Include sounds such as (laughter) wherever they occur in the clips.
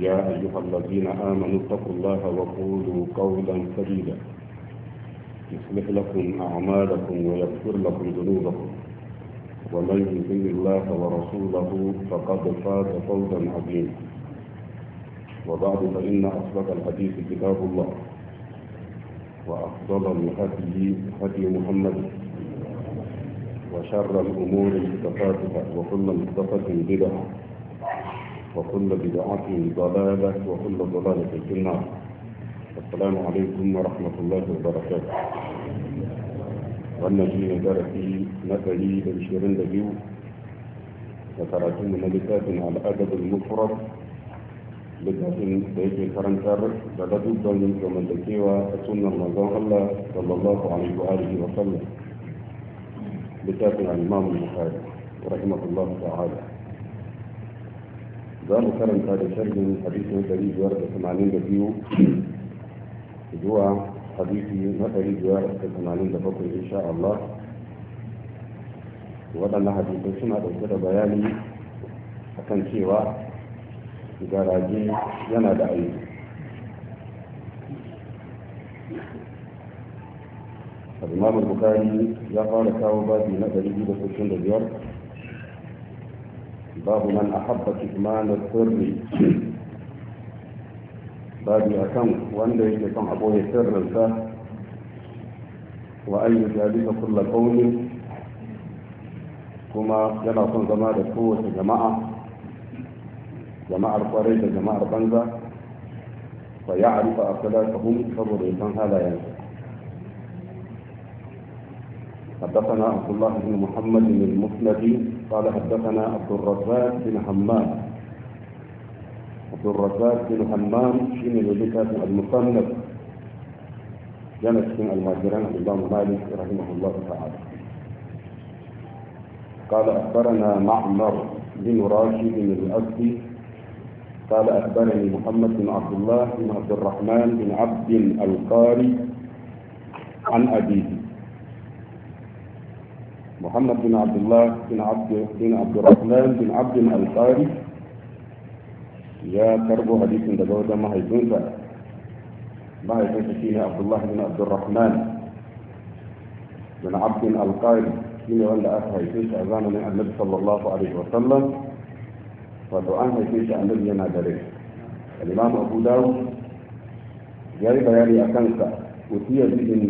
يا أيها الذين آمنوا اتقوا الله وقولوا قولا سديدا يصلح لكم أعمالكم ويغفر لكم ذنوبكم ومن يطع الله ورسوله فقد فاز فوزا عظيما وبعد فإن أصدق الحديث كتاب الله وأفضل الهدي هدي محمد وشر الأمور محدثاتها وكل محدثة بدعة وكل بدعة ضلالة وكل ضلالة في النار السلام عليكم ورحمة الله وبركاته وأنا في نزارة بن شيرين دجيو وتراتون ملكات على الأدب المفرد لكن بيت الفرنسر بدأت الدنيا كما تكيوى سنة رمضان الله صلى الله عليه وآله وسلم بتاتي الإمام البخاري ورحمة الله تعالى دار الكرم هذا الشرج من حديث مثلي جوار 80 دقيقة جوا حديث مثلي جوار 80 دقيقة إن شاء الله وأنا حديث سمع دكتور بياني أكن سوى جاراجي ينا دعي الإمام البخاري يقال كاوبا في مثلي جوار 80 باب من أحب كتمان السر باب أكم وأن يكون أبوه سر وأن يجالس كل قوم كما جمع صن زمان قوة جماعة جماعة القرية جماعة بنزا ويعرف أخلاقهم صبر إنسان هذا يعني حدثنا عبد الله بن محمد بن المسند قال حدثنا عبد الرزاق بن حمام عبد الرزاق بن حمام شين الذكر المصنف من المهاجرين عبد الله مالك رحمه الله تعالى قال أخبرنا معمر بن راشد بن الأسدي قال أخبرني محمد بن عبد الله بن عبد الرحمن بن عبد القاري عن أبيه محمد بن عبد الله بن عبد بن عبد الرحمن بن عبد القاري يا كربو حديث دغه ده ما هيكونسا ما هيكونسا عبد الله بن عبد الرحمن بن عبد القاري shine wanda aka haife shi a zamanin annabi sallallahu alaihi wasallam wato an haife shi annabi yana da rai al-imam abu dawud ya yi a kansa utiya bihin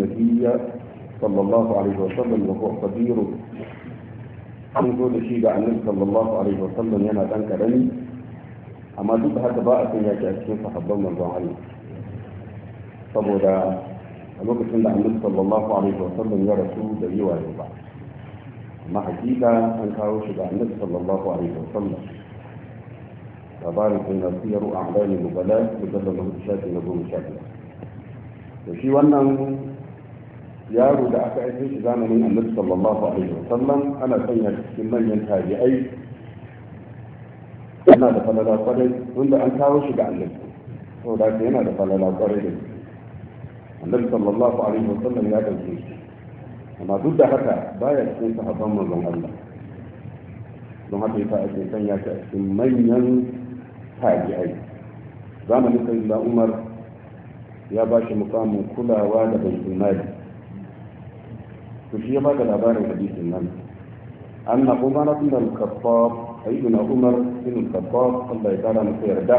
صلى الله عليه وسلم وهو صغير an zo da shi ga annabi sallallahu alaihi wa sallam yana dan karami amma duk da haka ba a san yaki a cikin sahabban manzon Allah saboda a lokacin da annabi sallallahu alaihi wa sallam ya rasu da yawa ne ba amma hakika an kawo shi ga annabi sallallahu alaihi wa sallam labarin sun na siyaru a alamin mubala da zaba mahu shafi na goma sha biyar to shi wannan yaro da aka aike shi zamanin annabi sallallahu alaihi wa sallam ana sanya cikin manyan tabi'ai yana da falala kwarai wanda an kawo shi ga annabi saboda haka yana da falala kwarai da annabi sallallahu alaihi wa sallam ya dauke shi amma duk da haka baya cikin sahabban manzon Allah don haka yasa ake sanya shi a cikin manyan tabi'ai zamanin sayyidina Umar ya ba shi mukamin kulawa da baitul mali to shi ya bada labarin hadisin nan anna umar ibn al-khattab ayyuna umar ibn al-khattab Allah ya kara masa yarda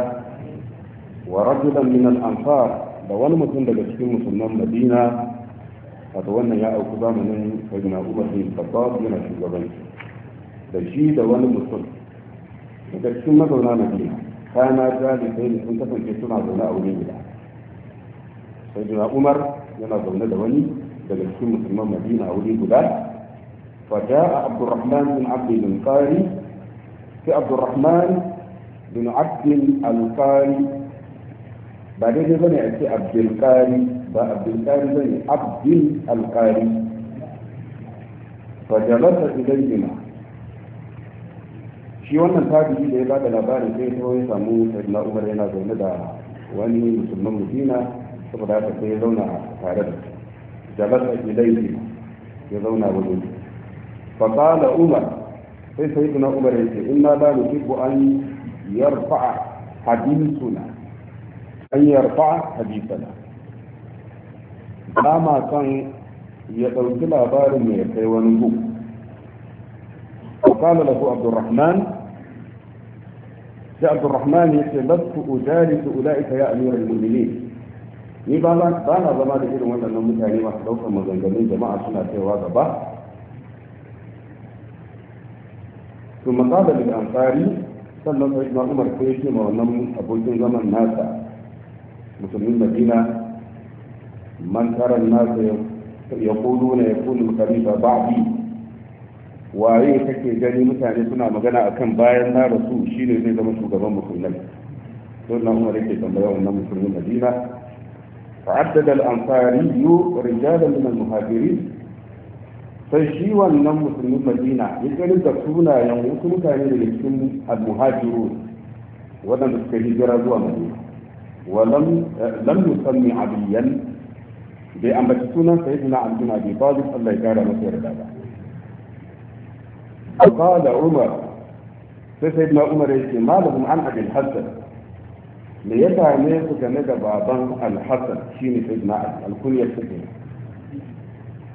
wa rajulan min al-ansar da wani mutum daga cikin musulman Madina wato wannan ya auku zamanin sayyidina Umar bin Khattab yana shugabanci da shi da wani mutum daga cikin mazauna Madina kana jalibai sun kasance suna zaune a wurin gida sayyidina Umar yana zaune da wani daga cikin musulman madina a wuri guda فجاء عبد الرحمن بن عبد القاري في عبد الرحمن بن عبد القاري بعدين بني في عبد القاري عبد القاري بني عبد القاري idan إليهما shi wannan tabi'i da ya ba da labarin sai ta ya samu sayyidina umar yana zaune da wani musulman madina saboda haka sai ya zauna tare da su جبت إليه يضون أبدون فقال عمر في إيه سيدنا عمر إيه إنا لا نحب أن يرفع حديثنا أن يرفع حديثنا لما كان يدوك الأبار من وقال له عبد الرحمن يا عبد الرحمن لست أجالس أولئك يا أمير المؤمنين ni ba na zama da irin waɗannan mutane masu ɗaukar maganganun jama'a suna cewa gaba to makaba da amfani sannan sai ma umar sai yake ma wannan abokin zaman nasa musulmin madina man taran nasa ya kudu na ya kudu khalifa ba'di waye kake gani mutane suna magana akan bayan na rasu shine zai zama shugaban musulmai to na umar yake tambaya wannan musulmin madina فعدد الأنصاري رجالا من المهاجرين فشي وانهم مسلم المدينة يسأل الدكتورنا يوم يعني يسأل كان يلسل المهاجرون ولم يستهجر ذو ولم لم يسمى عبيا بأن بجسونا سيدنا عبد بن أبي طالب الله يجعل مصير بابا فقال عمر سيدنا عمر يسأل ما لهم عن أبي الحسن me ya same su game da baban alhassan shine sayyidina ali alkunyar su ne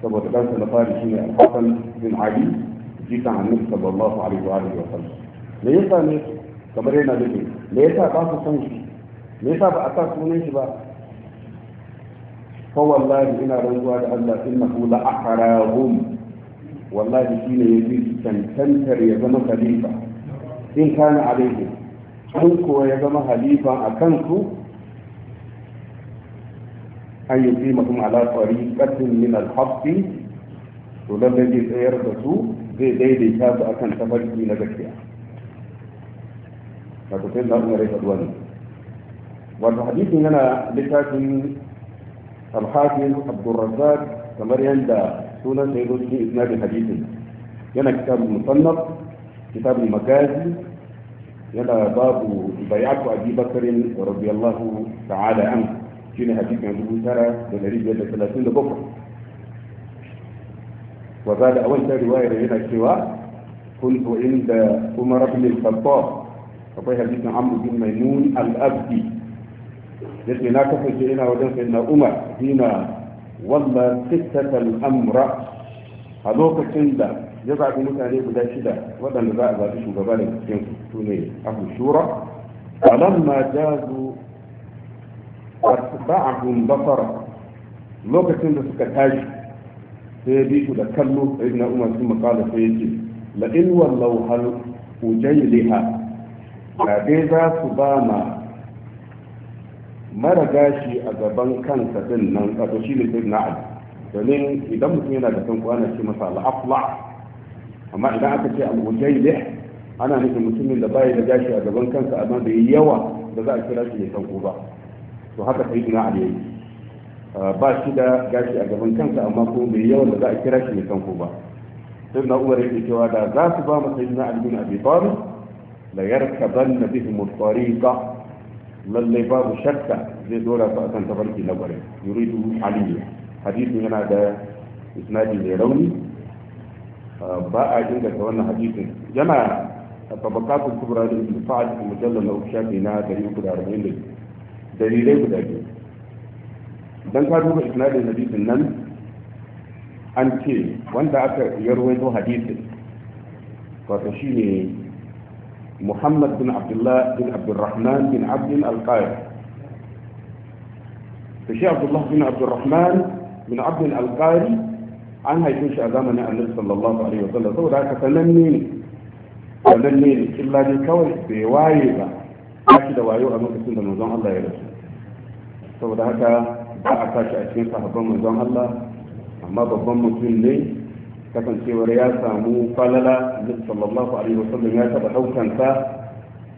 saboda ɗansa na fari shine alhassan bin ali jikan annabi sallallahu alaihi wa alihi wa sallam me ya same su kamar yana da me ya sa ba su san shi me ya sa ba a sa sunan shi ba fa wallahi ina rantsuwa da Allah innahu la ahrahum wallahi shine yafi cancantar ya zama khalifa in kana alaihi in kuwa ya zama halifan a kansu an yi fi mutum ala tsariƙatin min alhafi to lallai zai tsayar da su zai daidaita su akan tafarki na gaskiya wato sai da umar ya faɗi wannan wato hadisin yana littafin alhafin abdurrazzaq kamar yadda sunan sai zo cikin isnadin hadisin yana kitabun musannaf kitabun magazi ينا باب بيعة أبي بكر رضي الله تعالى عنه كنا حديث عن أبو سارة بنريد يد ثلاثين لبكر وبعد أول شيء رواية هنا سوى كنت عند أمر بن الخطاب فقال حديث عمرو بن ميمون الأبدي يسمي ناكف الشيئين وجل سيدنا أمر هنا والله قصة الأمر هذوك الشيء ya zaɓi mutane guda shida waɗanda za a zaɓi shugaba da cikin su su ne abu shura falamma jazu atba'ahum basara lokacin da suka tashi sai ya bi da kallo sai na umar sun makala sai ya ce la in wallau hal ujayliha ga dai za su ba ma mara gashi a gaban kansa din nan shi ne sai na domin idan mutum yana da kan kwanaki masa al'afla amma idan aka ce al-mujaylih ana nufin mutumin da bai da gashi a gaban kansa amma da yawa da za a kira shi ne sanko ba to haka sai dina ali yayi ah, ba shi da gashi a gaban kansa amma ko mai yawan da za a kira shi ne sanko ba sai na umar yake cewa da za su ba mu sai dina ali bin abi talib la yarkabanna bihim at-tariqa lallai babu shakka zai dora su akan tabarki na bare yuridu aliyya hadisin yana da isnadi mai rauni ba a inganta wannan hadisin yana tabakatul kubra da ibn sa'ad a mujallal na shafi na 342 dalilai guda biyu dan ka duba isnadin hadisin nan an ce wanda aka yarwaito hadisin wato shine محمد بن عبد الله بن bin abdin بن عبد القائد الشيخ عبد الله بن عبد الرحمن an haife shi a zamanin annabi sallallahu alaihi wasallam saboda haka sananne ne sananne ne illa ne kawai bai waye ba ba shi da wayo a lokacin da manzon Allah ya rasu saboda haka ba a sashi a cikin sahabban manzon Allah amma babban mutum ne kasancewar ya samu falala annabi sallallahu alaihi wasallam ya taba sa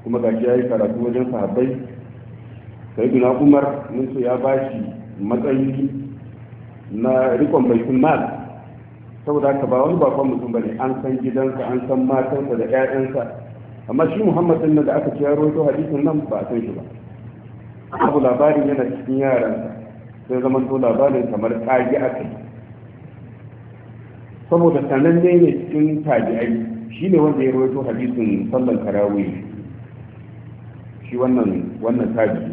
kuma shi yayi karatu wajen sahabbai sayyidina Umar mun ya bashi matsayi na rikon baitul mal saboda haka ba wani bakon mutum ba ne. an san gidansa an san matansa da ƴaƴansa amma shi muhammad din da aka ce ya hadisin nan ba a san shi ba abu labarin yana cikin yaransa sai zama to labarin kamar tsage a yi saboda sananne ne cikin tabi'ai shi ne wanda ya rawaito hadisin sallan tarawih shi wannan wannan tabi'i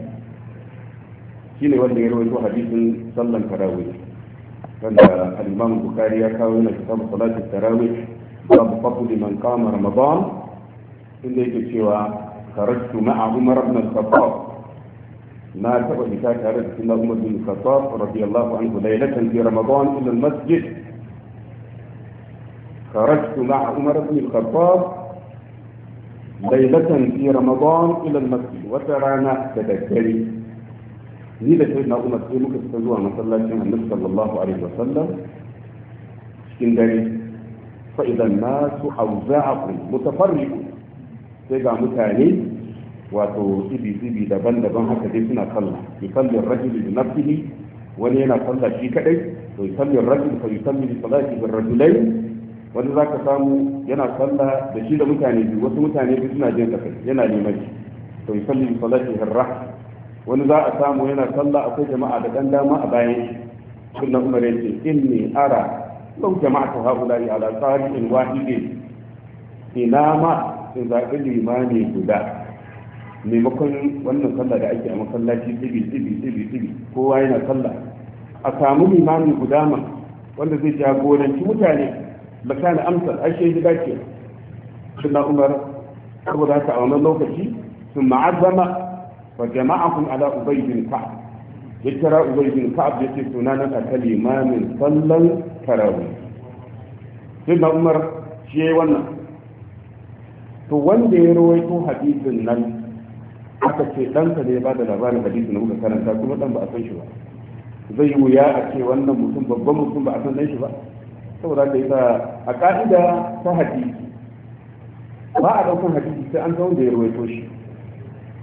shi ne wanda ya rawaito hadisin sallan tarawih عند الإمام البخاري يكاوي هنا كتاب صلاة التراويح باب فضل من قام رمضان إلا يكتشوا خرجت مع عمر بن الخطاب ما تقول إذا خرجت إلا عمر بن الخطاب رضي الله عنه ليلة في رمضان إلى المسجد خرجت مع عمر بن الخطاب ليلة في رمضان إلى المسجد وترانا تذكري ni da sai na umar sai muka fita zuwa masallacin annabi sallallahu alaihi wasallam cikin dare fa idan nasu awza'akum mutafarriqu sai ga mutane wato tsibi-tsibi daban-daban haka dai suna sallah yusallin rajul bi nafsihi wani yana sallah shi kadai to yusallin rajul fa yusalli bi salati bi rajulai wani zaka samu yana sallah da shi da mutane biyu wasu mutane biyu suna jin kai yana neman shi. to yusalli bi salati bi rahma wani za a samu yana sallah akwai jama'a da dan dama a bayan shi sunna umar yake inni ara ta jama'tu haula'i ala in wahidin ina ma in zaɓi limani guda maimakon wannan sallah da ake a masallaci tsibi tsibi tsibi tsibi kowa yana sallah a samu limani guda ma wanda zai jagoranci mutane ba ta na amsar ashe shi dace sunna umar saboda haka a wannan lokaci sun ma'azama fa jama'ahum ala ubay bin ka'ab ya kira ubay bin ka'ab ce sunana ka kalimamin sallan tarawih sai na umar shi to wanda ya nan aka ce ɗansa ne ya ba da labarin hadisin na muka karanta kuma ɗan ba a san shi ba zai yi wuya a ce wannan mutum babban mutum ba a san shi ba saboda da yasa a ka'ida ta hadisi ba a ɗaukar hadisi sai an zaune da ya rawaito shi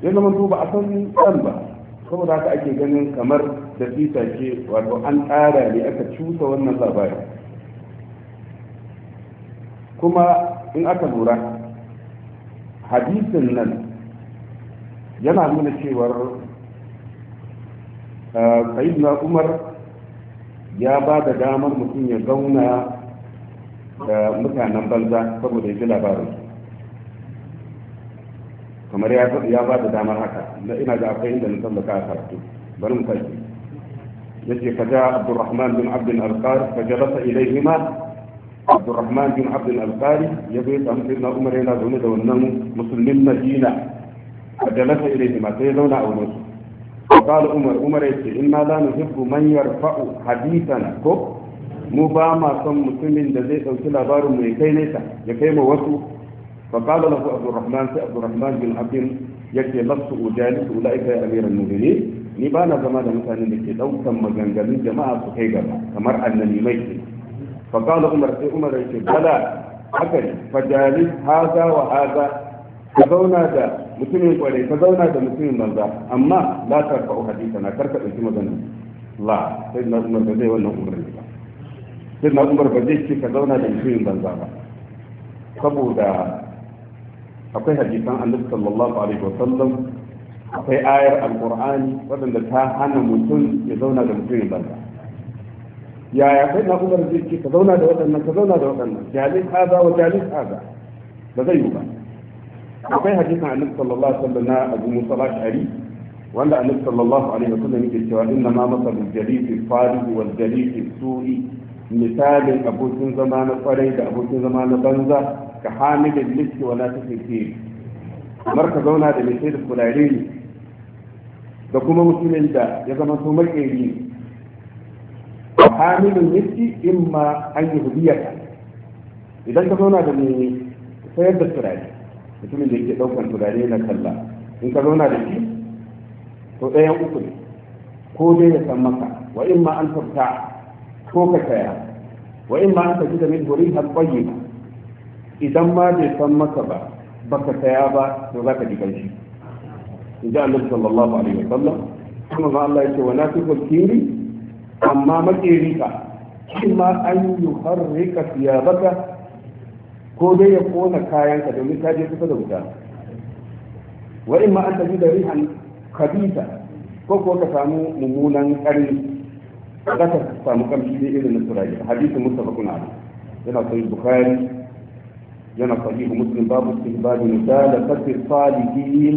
ya zama duba a san kan ba saboda haka ake ganin kamar da fita ce wato an tsara ne aka cusa wannan labari kuma in aka lura hadisin nan yana nuna cewar eh, na umar ya ba da damar mutum ya zauna da mutanen banza saboda ya ji labarin kamar ya ba da damar haka na ina da akwai inda mutum da ka karatu bari mu kai yace fa ja Abdurrahman bin Abd al-Alqar fa jalasa ilayhima Abdurrahman bin Abd al-Alqari ya zo ya na Umar yana zaune da wannan musulmin Madina fa jalasa ilayhima sai zauna a wurin su قال عمر عمر يقول إنا لا نحب من يرفع حديثنا كو mu ba ma son mutumin da zai ɗauki labarin mai kai nesa ya kai ma wasu فقال له عبد الرحمن عبد الرحمن بن عبد يكي لص أجالس أولئك يا أمير المؤمنين نبانا زمان مثلا لك لو تم جنجل جماعة سحيقة كمر أنني ميت فقال عمر في عمر يكي بلا حكي فجالس هذا وهذا فزونا دا مسلمين قولي فزونا دا مسلمين من ذا أما لا ترفع حديثنا ترفع انتما ذنب لا سيدنا عمر بن زيد وانه عمر لك سيدنا عمر بذي كي فزونا دا مسلم من ذا فبو akwai hadisan annabi sallallahu alaihi wa sallam akwai ayar alqur'ani wadanda ta hana mutum ya zauna da mutum banza yaya kai na kuma zai ce ka zauna da waɗannan ka zauna da waɗannan jalin haza wa jalin haza ba zai yi ba akwai hadisan annabi sallallahu alaihi wa sallam na abu musa al-ashari wanda annabi sallallahu alaihi wa wasallam yake cewa inna ma masalul jalisi farihi wal jalisi su'i misalin abokin zama na kwarai da abokin zama na banza ka hamilin liski wa ta fi kamar ka zauna da mai sai da kulare ne da kuma musulmin da ya zama so makeri ne ka hamilin liski in ma an yi idan ka zauna da mai sayar da turare mutumin da yake ɗaukar turare na kalla in ka zauna da shi to ɗayan uku ne ko dai ya san maka wa in ma an tabta ko ka saya wa in ma an tafi da min hurin al-qayyiba idan ma bai san masa ba baka saya ba to zaka ji kanshi in ji annabi sallallahu alaihi wa sallam kuma ma Allah yake wa nafiqul kiri amma makeri ka shin ma an yi yuharrika thiyabaka ko dai ya kona kayan ka domin ka je kusa da wuta wa in ma an tafi da rihan kabita ko ko ka samu mummunan ƙarni za ka samu kamshi da irin na turare hadisi mustafa kuna yana sai bukhari جنى صحيح مسلم باب استهبال مجالفة الصالحين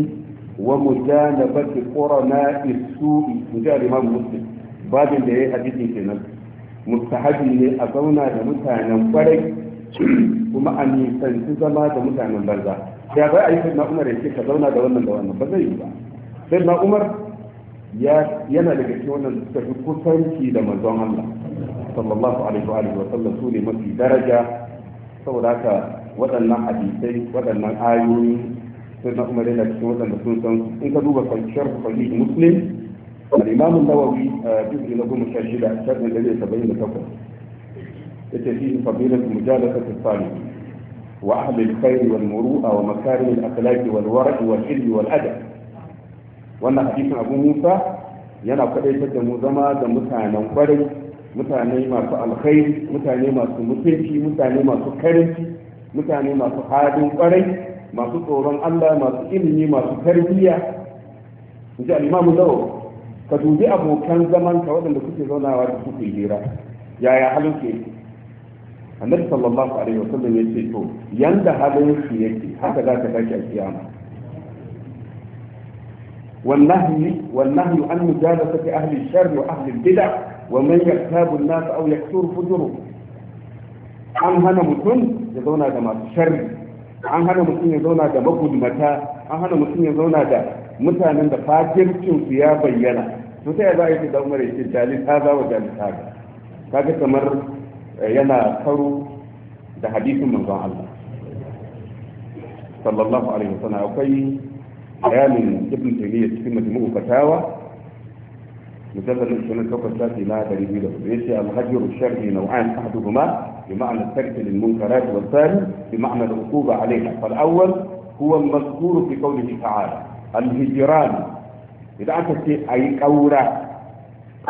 ومجالفة قرناء السوء مجال إمام مسلم باب اللي هي حديثي كنا مستحب اللي أقونا لمتانا فرق (clears throat) وما أن يستنسز ما لمتانا بلغا يا بقى أي فتنا أمر يسي كذونا دوانا دوانا بلغا يبقى فتنا أمر يا ينا لكتونا تفكسن في دمزوان الله صلى الله عليه وآله وسلم سوري مكي درجة سوداك waɗannan hadisai waɗannan ayoyi sai na umar yana cikin waɗanda sun san in ka duba kwanciyar sahih muslim al-imam an-nawawi eh, na goma sha shida shafin da zai saba'in da takwas yace fi fadilatu mujalasati salih wa ahli al-khair wal muru'a wa makarim al-akhlaq wal wara' wal ilm wal adab wannan hadisin abu musa yana kwadaitar da mu zama da mutanen kwarai mutane masu alkhairi mutane masu mutunci mutane masu karinci mutane masu hadin kwarai masu tsoron Allah masu ilimi masu tarbiyya in ji al-Imam ka dubi abokan zaman ka waɗanda suke zaunawa da suke hira yaya halin ke annabi sallallahu alaihi wa sallam ya ce to yanda halin su yake haka za ka tashi a kiyama والنهي والنهي عن مجالسة أهل الشر وأهل البدع ومن يغتاب الناس أو يكثر فجره an hana mutum ya zauna da masu sharri an hana mutum ya zauna da magudumata an hana mutum ya zauna da mutanen da fatircin su ya bayyana to sai za a yi da umar yake jali ta za wa jali ta kaga kamar eh, yana karo da hadisin manzon Allah sallallahu alaihi wasallam akwai bayanin ibn taymiyyah cikin majmu'u fatawa مجلد السنة توقف ساتي لا دريبي له ليس الهجر الشرعي نوعان أحدهما بمعنى الترك للمنكرات والثاني بمعنى العقوبة عليها فالأول هو المذكور في قوله تعالى الهجران إذا أنت أي كورة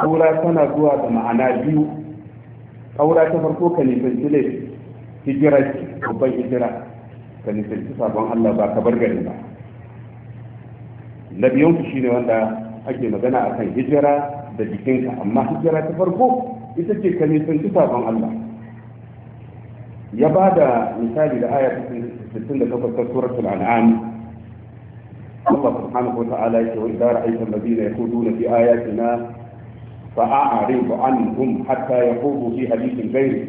كورة تنا زوا معنى بيو كورة تفرقو كنيسة ليه هجرة وبي هجرة كنيسة صابون الله باكبر غريبا نبيون شيني وانا ake magana a kan hijira da jikinka amma hijira ta farko ita ce ka nisanci sabon Allah ya ba da misali da aya 68 ta suratul an'am Allah subhanahu wa ta'ala yake wa idza ra'aita alladhina yakhuduna fi ayatina fa'arid anhum hatta yaqudu fi hadithin gairi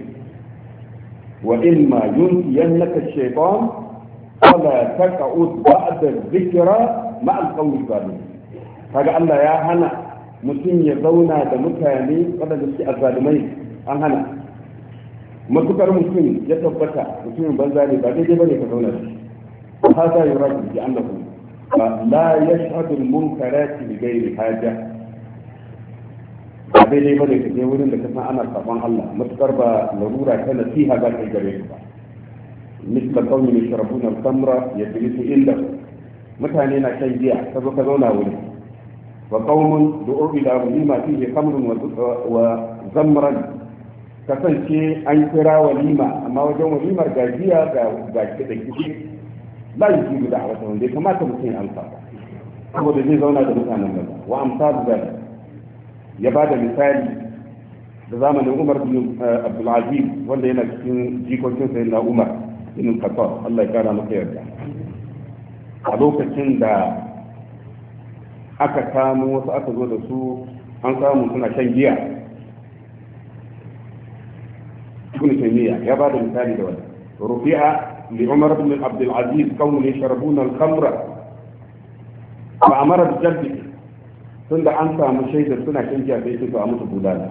wa imma yunkiyannaka ash-shaytan fala taq'ud ba'da adh-dhikra ma'a al-qawmi dhikra maa al qawmi adh kaga Allah ya hana mutum ya zauna da mutane waɗanda suke azzalumai an hana matukar mutum ya tabbata mutumin banza ne ba daidai bane ka zauna ha yi rabu hada yuradu bi ba la yashhadu al-munkarati bi ghairi haja ba daidai bane ka je wurin da ka san ana saban Allah matukar ba larura ta nasiha ba kai gare ka ba misla qawmin yashrabuna al-khamra yajlisu inda mutane na shan giya ka zo ka zauna wuri وقوم دعوا إلى وليمة فيه خمر وزمرا kasance an kira walima amma wajen walimar gajiya ga gaske da kishi la yujibu da wata wanda ya kamata mutum ya amsa ba saboda zai zauna da mutanen gaba wa amsa da ya ba da misali da zamanin Umar bin Abdul Aziz wanda yana cikin jikokin sayyidina Umar bin Khattab Allah ya kara masa yarda a lokacin da aka samu wasu aka zo da su an samu suna shan giya ibn taymiya ya ba da misali da wani. rufi'a li umar ibn abd al-aziz kawun yashrabuna al-khamra fa amara bi jaddi tunda an samu shaidar suna shan giya sai su a musu gudana.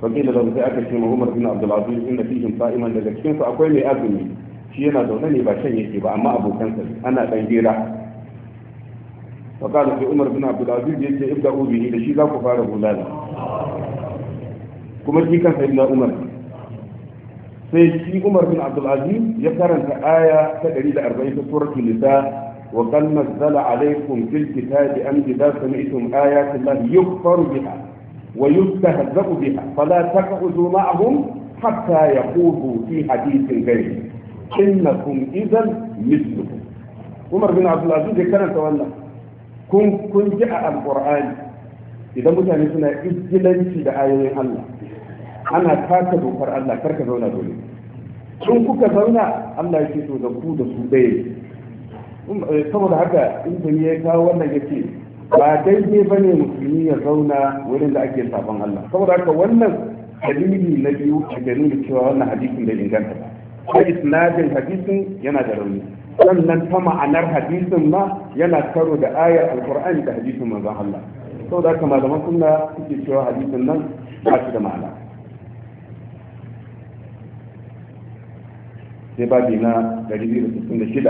fa kila da sai aka ce umar ibn abd al-aziz inna fihim sa'iman daga cikin su akwai mai azumi shi yana zaune ne ba shan yake ba amma abokansa ana dan gira فقال في عمر بن عبد العزيز يجي ابدأوا به لشي ذاك فارغ غلالة كما جي كان سيدنا عمر سيدي عمر بن عبد العزيز يقرا آية تدريد أربعين في سورة النساء وقال نزل عليكم في الكتاب أن إذا سمعتم آيات الله يكفر بها ويستهزأ بها فلا تقعدوا معهم حتى يقولوا في حديث غيره إنكم إذا مثلكم عمر بن عبد العزيز يقرا تولى kun kun ji a alkur'ani idan mutane suna ijilanci da ayoyin Allah ana taka dokar Allah karka zauna dole in kuka zauna Allah yake to da ku da su dai um, eh, saboda haka in tuni ya kawo wannan yake ba daidai bane musulmi ya zauna wurin da ake sabon Allah saboda haka wannan dalili na biyu a ganin cewa wannan hadisin da inganta ba sai isnadin hadisin yana da rauni sannan ta ma'anar hadisin ma yana karo da ayar alkur'ani da hadisin manzon Allah sau da haka malaman sunna suke cewa hadisin nan ba shi da ma'ana sai babi na 266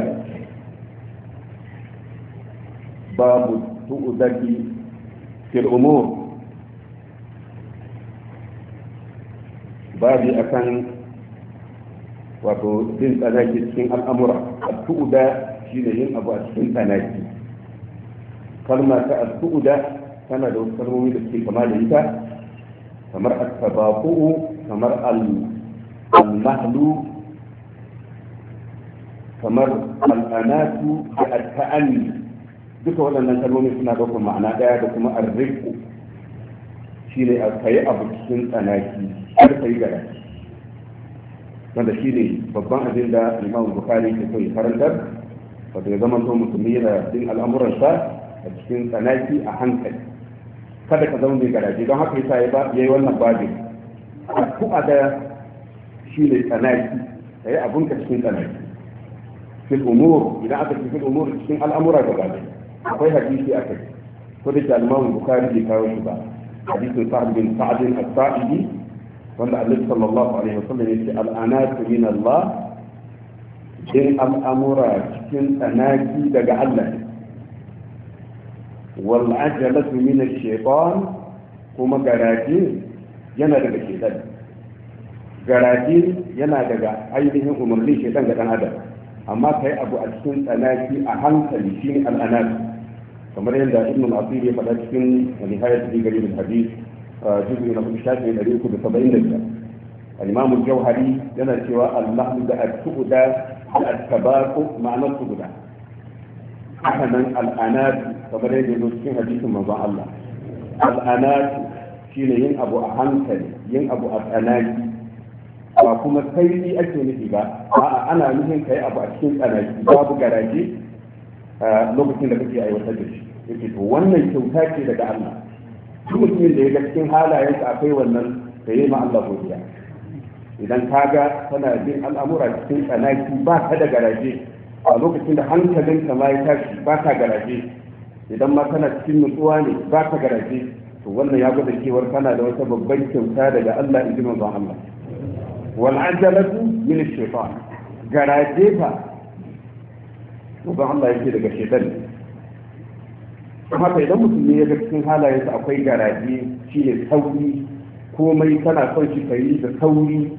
babu tu'udaki fil umur babi akan wato bin tsanaki cikin al'amura al-tu'uda shine yin abu a cikin tsanaki kalma ta al-tu'uda tana da wasu kalmomi da suke kama da ita kamar a tabaquu kamar al-mahlu kamar al-anatu da al-ta'anni duka waɗannan kalmomi suna ɗaukar ma'ana ɗaya da kuma al Shi shine a kayi abu cikin tsanaki har kai garaki wanda shi ne babban abin da imam bukari ke so ya karantar wato ya zama to musulmi yana cikin al'amuransa a cikin tsanaki a hankali kada ka zama mai garaje don haka yasa ya yi wannan babin addu'a da shi ne tsanaki ka yi abinka cikin tsanaki fil umur idan aka ce fil umur cikin al'amura gaba ɗaya akwai hadisi a kai ko da ke al-imam bukari ke kawo shi ba hadisin sa'ad bin sa'ad al-sa'idi wanda annabi sallallahu alaihi wasallam yake al'anatu min Allah jin al'amura cikin tsanaki daga Allah wal ajalatu min ash-shaytan kuma garaje yana daga shaytan garaje yana daga ainihin umarnin shaytan ga dan adam amma kai abu a cikin tsanaki a hankali shine al'anatu kamar yadda ibn al-asir ya faɗa cikin nihayat bi garib al-hadith juzu na kuma shafi ɗari uku da saba'in da biyar alimamu jauhari yana cewa allahu da al-su'uda da al-tabaku ma'anar su'uda haka nan al'anatu kamar yadda zo cikin hadisin manzon Allah al'anatu shine yin abu a hankali yin abu a tsanani ba kuma sauri ake nufi ba a'a ana nufin kai abu a cikin tsanaki babu garaje lokacin da kake aiwatar da shi wannan kyauta ce daga Allah duk mutumin da ya ga cikin halayen halayensa akwai wannan da yi ma Allah godiya idan ka ga tana bin al'amura cikin tsanaki ba ka da garaje a lokacin da hankalin ma ya tashi ba ka garaje idan ma kana cikin nutsuwa ne ba ka garaje to wannan ya gwada cewar kana da wata babban kyauta daga Allah in ji manzon Allah wal ajalatu min shaytan garaje fa manzon Allah yake daga shaytan don haka idan ne ya ga cikin su akwai garaje shi ne sauri komai tana son shi ka yi da sauri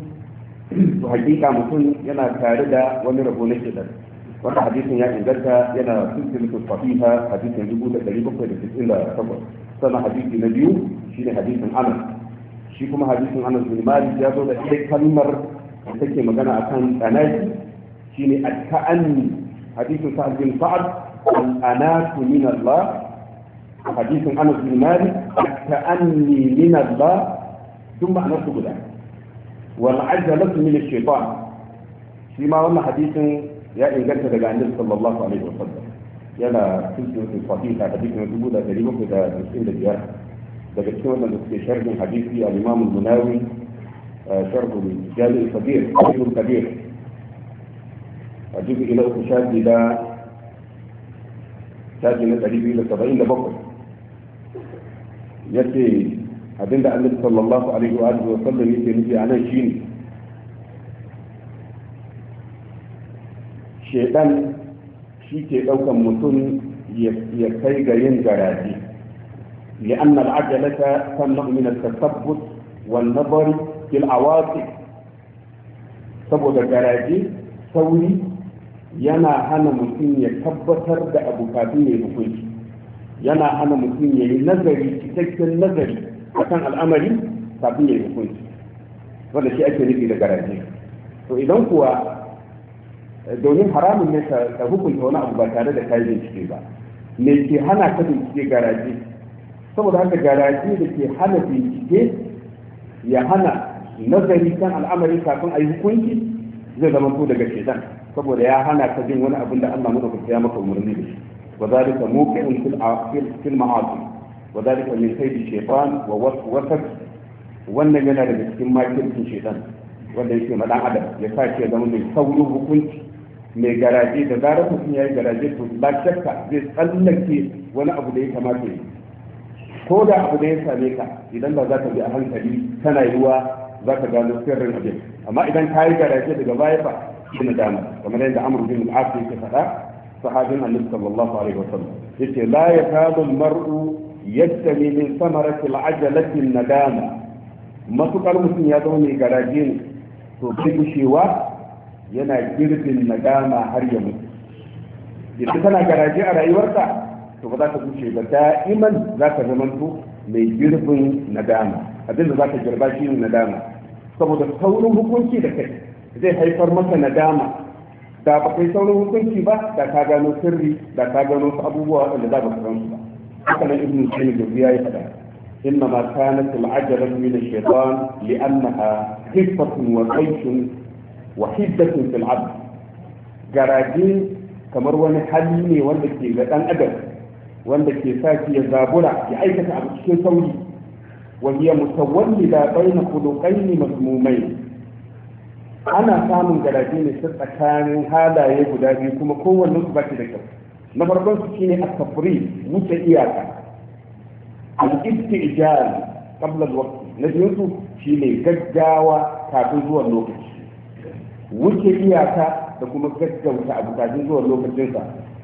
to hakika mutum yana tare da wani rabo na kidan wanda hadisin ya inganta yana silsilatu sahiha hadisin takwas sannan hadisi na biyu shine hadisin anas shi kuma hadisin anas bin malik ya zo da ɗaya kalmar da take magana akan tsanaki shine at-ta'anni hadisin sa'ad bin sa'ad al min Allah حديث انس بن مالك كاني من الله ثم انس بن والعجلة من الشيطان فيما والله حديث يا ان جنت النبي صلى الله عليه وسلم يلا سلسلة صحيحة حديث من تبو اليوم تريبو كده مسلم ده جهة ده كتير من الإمام المناوي آه، شرح الجامع الكبير الجامع الكبير أجيب إلى أخشاد إلى شاد من تريبو إلى سبعين لبقر ce abinda annabi sallallahu alaihi wa alihi wa sallam yake nufi a nan shine shedan shi ke daukan mutum ya kai ga yin garaji لأن min تمنع tasabbut wal والنظر fil awaqi saboda garaje sauri yana hana mutum ya tabbatar da abu kafin ya hukunci yana hana mutum ya yi nazari cikakken nazari kan al'amari kafin ya yi hukunci wanda shi ake nufi da garaje to idan kuwa eh, domin haramun ne ta hukunta wani abu ba tare da kayan bincike ba me ke hana ka bincike garaje saboda haka garaje da ke hana bincike ya hana nazari kan al'amari kafin a yi hukunci zai zama ko daga shedan saboda ya hana ka jin wani abin da Allah mu ya maka umarni da shi wa zalika muqi'un fil fil ma'asi wa zalika min kaidi shaytan wa waswasat wannan yana daga cikin makircin shaytan wanda yake ma dan adam ya sa shi zama mai saurin hukunci mai garaje da zarar mutum ya yi garaje to ba shakka zai tsallake wani abu da ya kamata yi ko da abu da ya same ka idan ba za ka bi a hankali tana yiwuwa za ka gano sirrin abin amma idan ka yi garaje daga baya ba shi na dama kamar yadda amur bin al'afi yake faɗa sahabin annabi sallallahu alaihi wasallam yace la yakalu mar'u yattali min samaratil ajalatin nadama matukar mutum ya zama mai garaje ne to bai gushewa yana girbin nadama har ya mutu idan kana garaje a rayuwarka to ba za ka gushe ba da'iman za ka zamanto mai girbin nadama abin da za ka girba shi ne nadama saboda saurin hukunci da kai zai haifar maka nadama da ba kai saurin hukunci ba da ka gano sirri da ka gano abubuwa waɗanda za ba ka san su ba haka nan ibn qayyim da ya yi fada inna ma kanat al-ajra min ash-shaytan li'annaha hifatun wa qayshun wa hiddatun fil 'abd garaje kamar wani hali ne wanda ke ga dan adam wanda ke sa shi ya zabura ya aikata abu cikin sauri wa hiya mutawallida bayna khuluqayn mazmumayn ana samun garaje ne ta tsakanin halaye guda biyu kuma kowanne su baki da kyau na farkon su shine at-tafri wuce iyaka al-istijal qabla al na biyun su shine gaggawa kafin zuwan lokaci wuce iyaka da kuma gaggauta abu kafin zuwan lokacinsa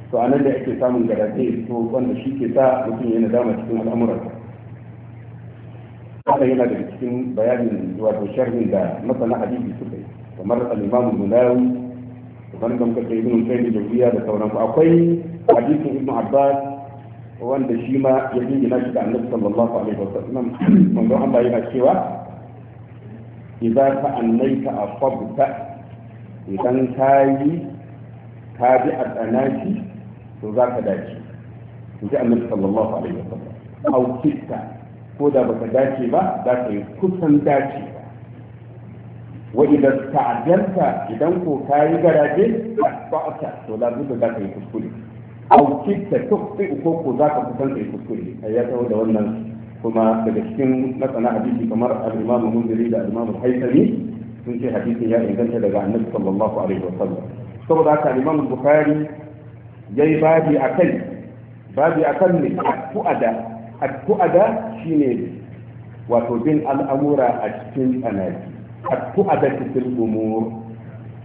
to anan da ake samun garaje to wanda shi ke sa mutum yana dama cikin al'amuransa wannan yana daga cikin bayanin wato sharhin da masana hadisi suka yi kamar al-imamu munawi wani da muka ce ibn Qayyim da biya da sauran ku akwai hadisin ibn Abbas wanda shi ma ya jingina shi da Annabi sallallahu alaihi wasallam manzo Allah yana cewa idza fa'annaita asabta idan kayi ka bi adanaki to za ka dace in ji Annabi sallallahu alaihi wasallam au kitta ko da baka dace ba za ka yi kusan dace wa idan ta'ajjanta idan ko kayi garaje asba'ta to la budu za ka yi kuskure au kitta tukfi ko ko za ka kusan kai kuskure ai ya tawo da wannan kuma daga cikin masana hadisi kamar al-Imam Munziri da al-Imam Haythami sun ce hadisin ya inganta daga Annabi sallallahu alaihi wasallam saboda haka Imam Bukhari yayi babi shine wato bin al'amura a cikin at-tu'adatu cikin umur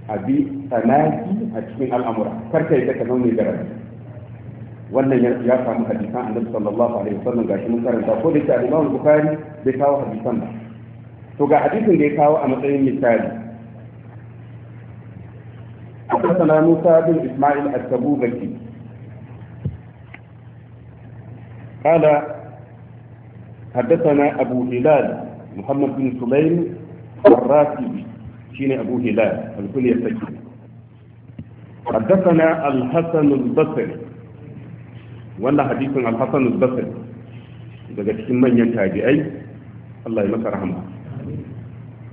abi tsanaki a cikin al'amura karka yi ka zaune da wannan ya samu hadisan annabi sallallahu alaihi wasallam gashi mun karanta ko da cewa al-Imam Bukhari bai kawo hadisan ba to ga hadisin da ya kawo a matsayin misali حدثنا موسى بن اسماعيل التبوذكي قال حدثنا ابو هلال محمد بن سليم الراتبي شين أبو هلال الكلية السكين حدثنا الحسن البصري ولا حديث الحسن البصري daga cikin manyan tabi'ai Allah ya masa rahama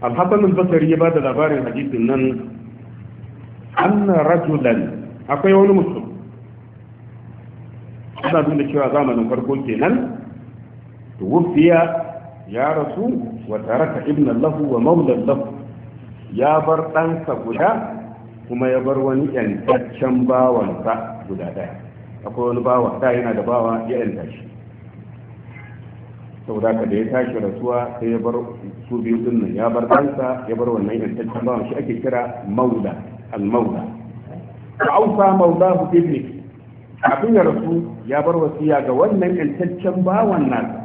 al-hasan al ya bada labarin hadisin nan anna rajulan akwai wani mutum ana nuna cewa zamanin farko kenan wufiya ya rasu wa taraka Ibn lahu wa maulan lahu ya bar ɗansa guda kuma ya bar wani yantaccen bawansa guda ɗaya. akwai wani bawa da yana da bawa ya yanta shi saboda ka da ya tashi rasuwa sai ya bar su biyu din nan ya bar ɗansa ya bar wannan yantaccen bawan shi ake kira Maula al Maula. ka ausa mauda hu ibni kafin ya rasu ya bar wasiya ga wannan yantaccen bawan nasa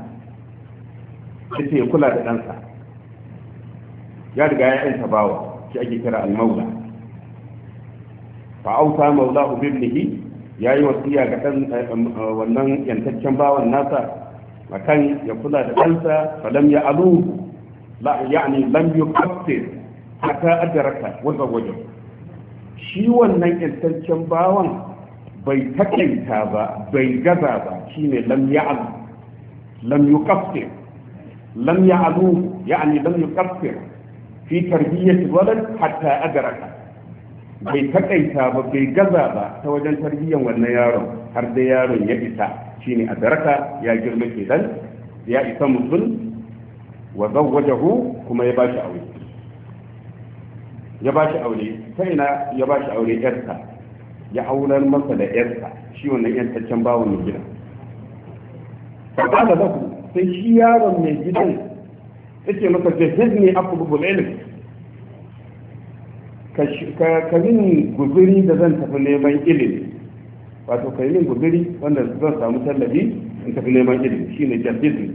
sai sai ya kula da ɗansa ya riga ya yanta bawa shi ake kira al-maula fa auta maulahu bi ibnihi yayi wasiya ga dan eh, um, uh, wannan yantaccen bawan nasa akan ya kula da ɗansa falam ya alu la yani lam yuqaffir hatta adraka wa wajen shi wannan yantaccen bawan bai takaita ba bai gaza ba shine lam ya'al lam yuqaffir لم ya'lu يعني لم يقصر في tarbiyyati الولد حتى adraka bai takaita ba bai gaza ba ta wajen tarbiyyar wannan yaron har da yaron ya isa shine daraka ya girma ke kenan ya isa mutum wa zawwajahu kuma ya bashi aure ya bashi aure ta ina ya bashi aure yarsa ya aular masa da yarsa shi wannan yantaccen bawon ne gida fa qala lahu sai shi yaron mai gidan yake masa jahid ne aku bubul ilm ka yi min guzuri da zan tafi neman ilimi wato ka yi min guzuri wanda zan samu tallafi in tafi neman ilimi shi ne jahid ne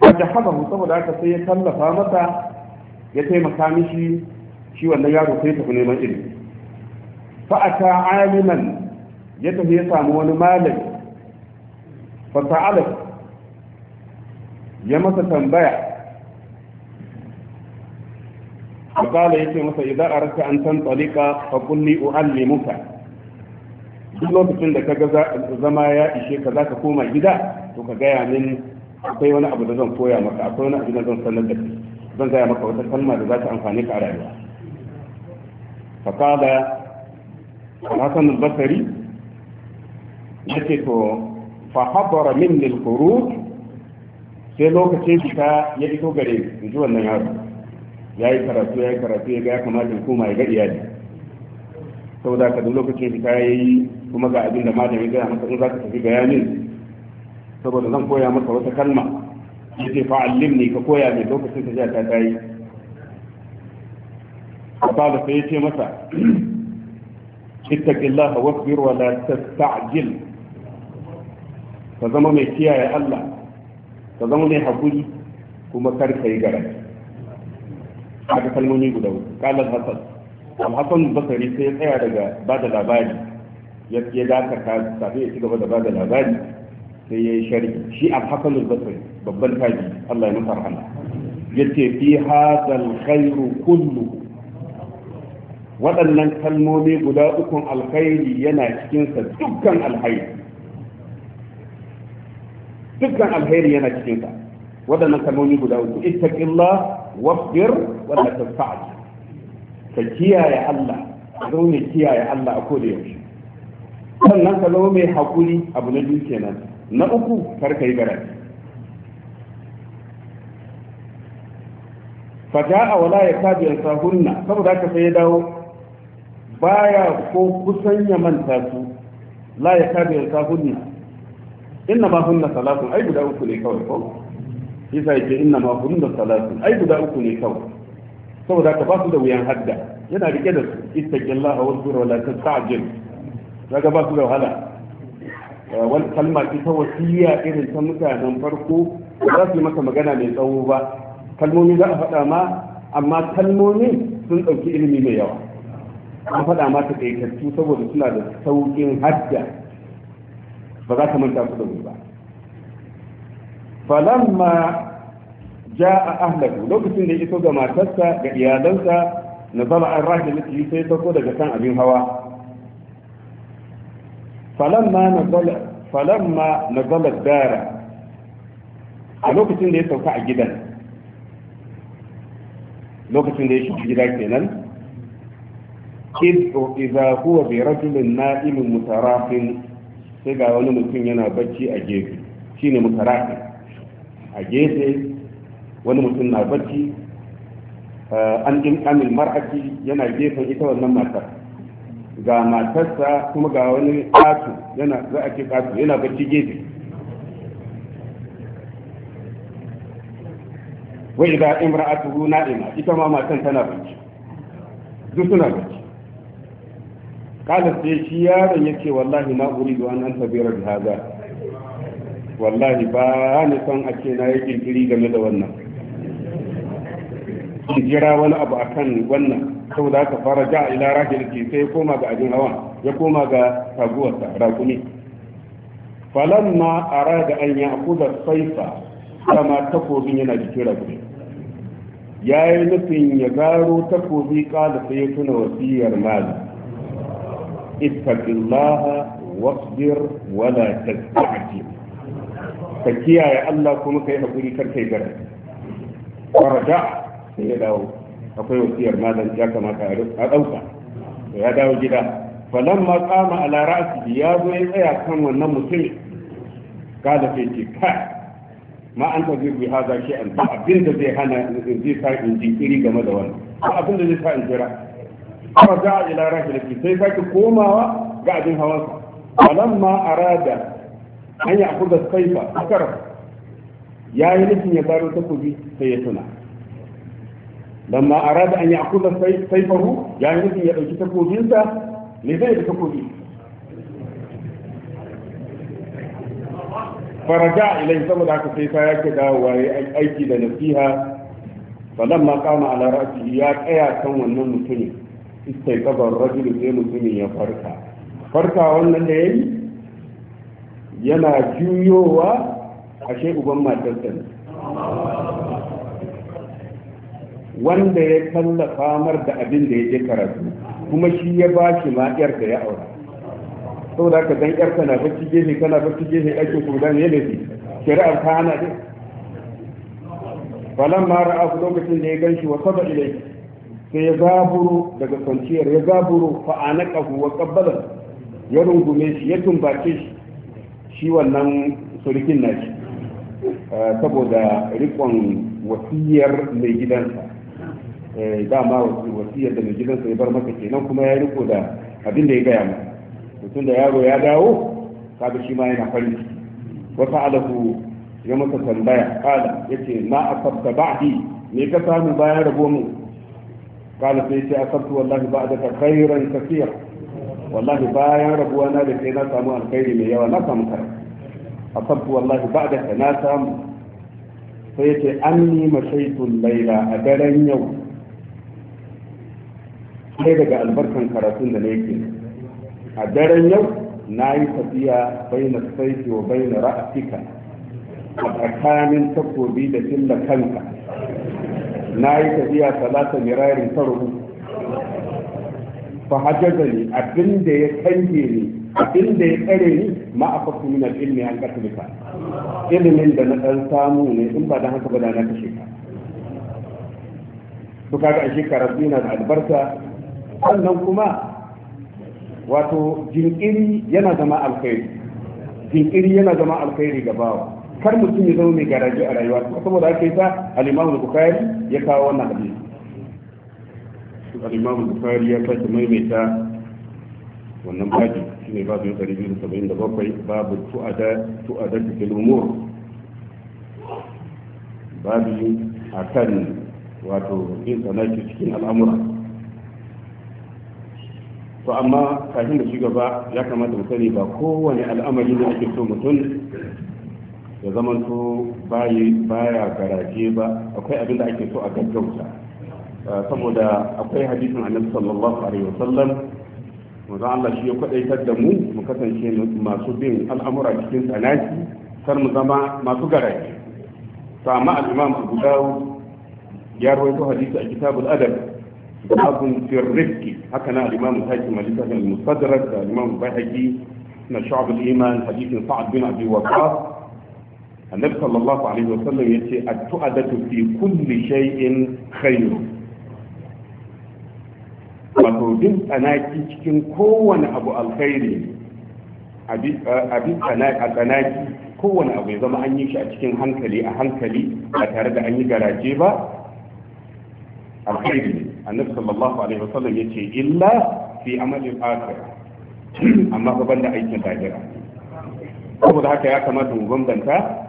wanda haka saboda haka sai ya tallafa masa ya taimaka mishi shi wannan yaro sai tafi neman ilimi fa'ata aliman ya tafi ya samu wani malami fasa'alar ya masa tambaya فقال يتي مسا إذا أردت أن تنطلق فقل لي أعلمك duk lokacin da kaga zama ya ishe ka za ka koma gida to ka gaya min akwai wani abu da zan koya maka akwai wani abu da zan sanar da kai zan gaya maka wata kalma da za ta amfani ka a rayuwa fakada hasan al-basri yace to fa habara minni al-khuruj sai lokacin fita ya iso gare in ji wannan yaro ya yi karatu ya yi karatu ya ga ya kamata ya koma ya ga iyali saboda ka duk lokacin fita ya yi kuma ga abin da malami gaya masa in za ka tafi yanin saboda zan koya masa wata kalma ya ce fa'allim ne ka koya ne lokacin ta ta ta yi Abba sai ya ce masa ittaqillaha wasbir wa la tasta'jil ka zama mai kiyaye Allah ka zama mai hakuri kuma kar ka yi garan haka kalmomi guda uku kalar hasan alhassan basari sai ya tsaya daga ba da labari ya dakata kafin ya ci gaba da ba da labari sai ya yi sharhi shi alhassan basari babban tabi allah ya masa rahama ya ce fi hadal khairu kullu waɗannan kalmomi guda ukun alkhairi yana cikinsa dukkan alkhairi dukkan alheri yana cikin sa waɗannan kalmomi guda uku ittaqillah wasbir wa la tasta'jil ka kiyaye Allah ka zo mai kiyaye Allah a koda yaushe sannan ka zama mai hakuri abu na biyu kenan na uku kar ka yi garaji a wala ya kaji ya sahunna saboda haka sai ya dawo baya ko kusan ya manta su la ya kaji ya sahunna inna ma hunna salatun ai guda uku ne kawai ko yasa yake inna ma hunna salatun ai guda uku ne kawai saboda ka ba su da wuyan hadda yana rike da su wa wasbir wala la daga ba su da wahala eh, wani kalma ki ta wasiya irin ta mutanen farko ba za su yi masa magana mai tsawo ba kalmomi za a faɗa ma amma kalmomi sun ɗauki ilimi mai yawa an faɗa ma ta ɗaitattu saboda suna da sauƙin hadda ba za ka manta su da mu ba falamma ja'a ahlahu lokacin da ya iso ga matarsa ga iyalansa na zama an rahi miki sai sauko daga kan abin hawa falamma na zala dara a lokacin da ya sauka a gidan lokacin da ya shiga gida kenan إذ إذا هو برجل نائم متراف sai ga wani mutum yana bacci a gefe shi ne mutarafi a gefe wani mutum na bacci eh, an din kamil mar'aki yana gefen ita wannan matar ga matarsa kuma ga wani ƙatu yana za a ce ƙatu yana bacci gefe wai idza imra'atu na'ima ita ma matan tana bacci duk suna bacci kala sai shi yaron yake wallahi na uridu an an tabira da haza. wallahi ba ni son a ce na yi kirkiri game da wannan jira wani abu akan wannan saboda haka fara ja ila rahil ke sai koma ga abin hawa ya koma ga taguwarsa rakumi falamma arada an ya'khudha saifa kama takobin yana jikin rakumi yi nufin ya garo takobi kala sai ya tuna wasiyar mali ittaqillaha wasbir wala tasta'jil ka kiyaye Allah kuma kai hakuri kar kai gara farja sai ya dawo akwai wasiyar malam ya kamata a ɗauka. ya dawo gida falamma qama ala ra'si ya zo ya tsaya kan wannan mutum kada sai ce kai ma an ta zirbi haza shi an ba abin da zai hana zai sa in jinkiri game da wannan ba abin da zai sa in jira kuma ga ila rahilati sai sake komawa ga abin hawansa falamma arada an ya akuda saifa akar ya yi nufin ya baro takobi sai ya tuna lamma arada an ya akuda saifahu ya yi nufin ya ɗauki takobinsa ne zai da takobi faraja ilai saboda haka sai ta yake dawowa ya aiki da nasiha falamma kama ala ra'sihi ya tsaya kan wannan mutumin sai kabar rajulu sai mutumin ya farka farka wannan da yayi yana juyowa ashe uban matarsa wanda ya tallafa mar da abin da ya je karatu kuma shi ya ba shi ma da ya aura saboda ka dan yar kana bacci gefe kana bacci gefe ake kuma ne ne shari'ar ta hana din falan ma ra'a lokacin da ya ganshi wa saba ilai sai ya zaburo daga kwanciyar ya zaburo fa'anaqahu wa qabbala ya rungume shi ya tumbace shi shi wannan na nashi eh, saboda rikon wasiyar mai gidansa eh, dama wasiyar da mai gidansa ya bar maka kenan kuma ya riko da abin da ya gaya masa mutum da yaro ya dawo kaga shi ma yana farin ciki wata alahu ya masa tambaya kala yace ma asabta ba'di me ka samu bayan rabo mu قال سيتي أصبت والله بعدك خيرا كثيرا والله بايا ربوانا لكي نسام الخير من يوى نسام خير أصبت والله بعدك نسام سيتي أني مشيت الليلة أدرا يوم sai daga albarkan karatun da na yake a daren yau na yi tafiya bai na saiki wa bai na ra'afika a tsakanin takobi da tilla kanka na yi tafiya salata mirarin ta rubu fa hajjaza ni abin ya kange ni abinda ya kare ni ma a fasu min ilmi an katulika ilimin da na dan samu ne in ba dan haka ba da na kashe ka to kaga ashe karabi na da albarka sannan kuma wato jinkiri yana zama alkhairi jinkiri yana zama alkhairi ga bawa kar mutum ya zama mai garaje a rayuwa saboda haka yasa al-Imam Bukhari ya kawo wannan hadisi al-Imam Bukhari ya sake maimaita wannan shi ne babu 277 babu tu'ada tu'ada fil umur babi akan wato yin tsanaki cikin al'amura to amma kafin da shi gaba ya kamata mu sani ba kowane al'amari ne ake so mutum ya zaman to baya garaje ba akwai abin da ake so a gaggauta ah, saboda akwai hadisin annabi sallallahu alaihi wasallam manzo Allah shi ya kwadaitar da mu mu kasance masu bin al'amura cikin tsanaki kar mu zama masu garaje to amma al-imam Abu Dawud ya rawaito hadisi a kitabul adab babun sirrifki haka na al-imam Hakim al-Mustadrak da al-imam Bayhaqi na shu'ab al-iman hadisin Sa'd bin Abi Waqqas annabi sallallahu alaihi wasallam yace at-tu'adatu fi kulli shay'in khairu wato duk tsanaki cikin kowane abu alkhairi abin tsanaki kowane abu ya zama an yi shi a cikin hankali a hankali ba tare da an yi garaje ba alkhairi annabi sallallahu alaihi wasallam ce illa fi amalin akhir amma ba banda aikin lahira saboda haka ya kamata mu bambanta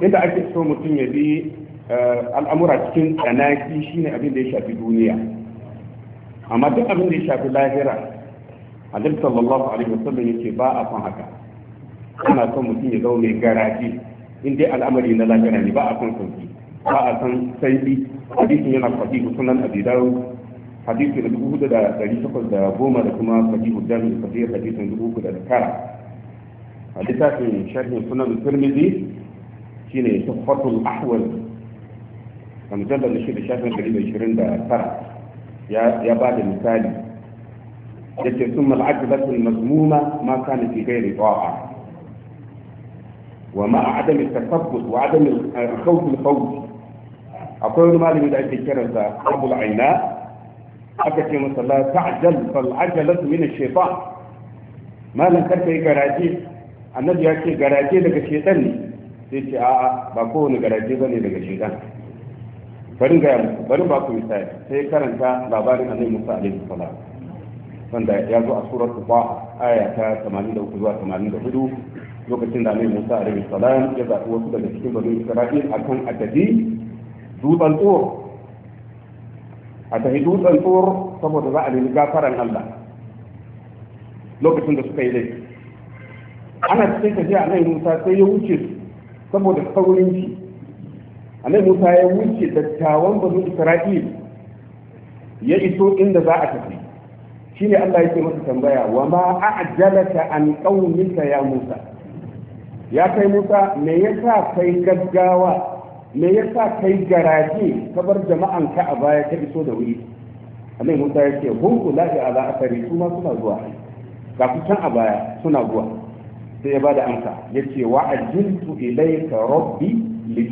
Inda ake so mutum ya bi eh, al'amura cikin tsanaki shine abin da ya shafi duniya amma duk abin da ya shafi lahira annabi sallallahu alaihi wasallam ce ba a kan haka ana son mutum ya zama mai garaji in dai al'amari na lahira ne ba a kan sauki ba a son sanyi hadisin yana sahihu sunan abi dawud hadisi da dubu da dari takwas da goma da kuma sahihu jami'i sahih hadisin dubu da tara a littafin sharhin sunan turmizi shine tuhfatul ahwal a mujallar da shi da shafin ɗari mai shirin da tara ya ba da misali ya ce sun mal'ajibatun mazmuma ma kana fi gairi ta'a wa ma a adami takabbus wa adami khawful fawj akwai wani malami da ake kiransa abul aina aka ce masa la ta'jal fal ajalatu min ash-shaytan malan karka yi garaje annabi ya ce garaje daga shaytan ne sai ce a'a ba kowane garaje ba ne daga shaitan bari ga yamu bari ba ku misali sai karanta labarin annabi Musa alaihi salam wanda ya zo a surar Tuba aya ta 83 zuwa 84 lokacin da annabi Musa alaihi salam ya zaɓi wasu daga cikin bani Isra'il akan adadi dutsen tsor a tafi dutsen tsor saboda za a nemi gafaran Allah lokacin da suka yi laifi ana cikin tafiya annabi Musa sai ya wuce su saboda saurin shi annabi Musa ya wuce dattawan banu Isra'il ya iso inda za a tafi shine Allah ya yake masa tambaya wa ma a'jalaka an qaumika ya Musa ya kai Musa me yasa kai gaggawa me yasa kai garaje ka bar jama'an ka a baya ka iso da wuri annabi Musa ya yake hum ula'i ala asari kuma suna zuwa ga can a baya suna zuwa sai ya bada amsa ya ce wa ajiltu ilayka rabbi li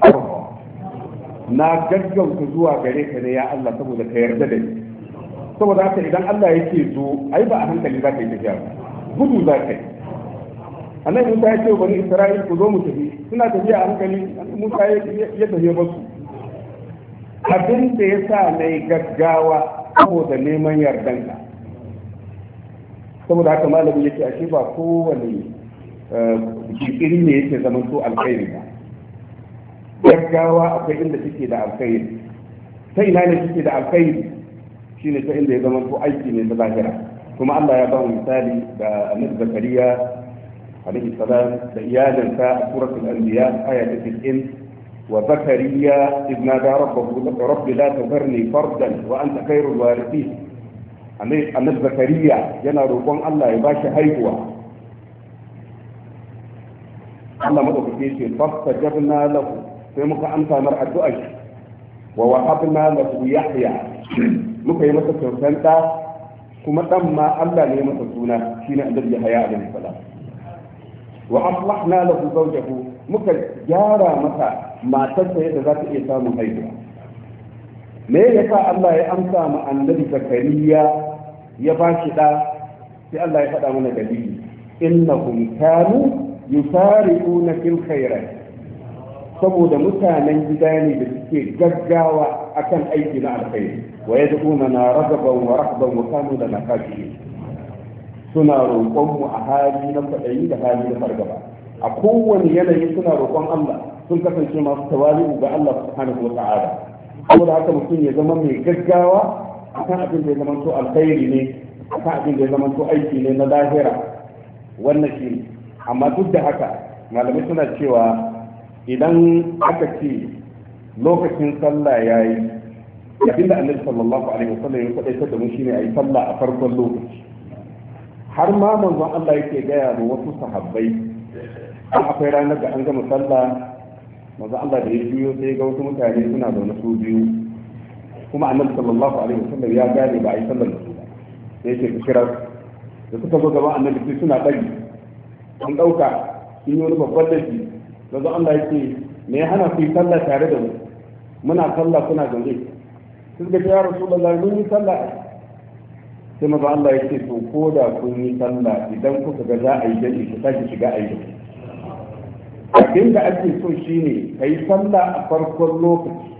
na gaggauta zuwa gare ka ne ya Allah saboda ka yarda da ni saboda haka idan Allah yake zo ai ba a hankali za ka yi tafiya gudu za ka yi annabi Musa ya ce wa bani Isra'il ku zo mu tafi suna tafiya a hankali Musa ya tafi su. abin da ya sa na yi gaggawa saboda neman yardanka saboda haka malamin yake ashe ba kowane jinkiri ne yake zama to alkhairi ba gaggawa akwai inda take da alkhairi ta ina ne take da alkhairi ne ta inda ya zama to aiki ne ta lahira kuma Allah ya ba mu misali da Annabi Zakariya alaihi salam da iyalinsa a suratul anbiya aya ta 90 wa zakariya ibn da rabbahu rabbi la tadharni fardan wa anta khairul warithin annabi zakariya yana roƙon Allah ya bashi haihuwa Allah madaukake ce fasta jabna lahu sai muka amsa mar addu'a shi wa wahabna lahu yahya muka yi masa kyautan da kuma dan ma Allah ne masa suna shine annabi Yahya alaihi salam wa aslahna lahu zawjahu muka gyara masa matarsa yadda za ta iya samun haihuwa me yasa Allah ya amsa ma annabi Zakariya ya ba shi da sai Allah ya faɗa mana dalili innahum kanu yusari'una fil khairat saboda mutanen gida ne da suke gaggawa akan aiki na alkhairi wa yad'una na ragaban wa rahban wa kanu da nakafi suna roƙon mu a hali na kwaɗayi da hali na fargaba a kowane yanayi suna roƙon Allah sun kasance masu tawali'u ga Allah subhanahu wa ta'ala saboda haka mutum ya zama mai gaggawa akan abin da ya zama to alkhairi ne akan abin da ya zama to aiki ne na lahira wannan shi ne. amma duk da haka malamai suna cewa idan aka ce lokacin sallah ya yi abinda annabi sallallahu alaihi wasallam ya kwadaitar da mu shine a yi sallah a farkon lokaci har ma manzon Allah yake gaya ma wasu sahabbai an akwai ranar da an gama sallah manzon Allah da ya juyo sai ga wasu mutane suna zaune su biyu kuma annabi sallallahu alaihi wasallam ya gane ba a yi sallah da su ba sai yake kira da suka zo gaban annabi sai suna bari an ɗauka sun yi wani babban laifi zazan Allah yake me ya hana ku yi sallah tare da mu muna sallah suna zaune sun ga ya rasulullah mun yi sallah sai maza Allah yake to ko da kun yi sallah idan kuka ga za a yi dani ku sake shiga a yi abin da ake so shine kai sallah a farkon lokaci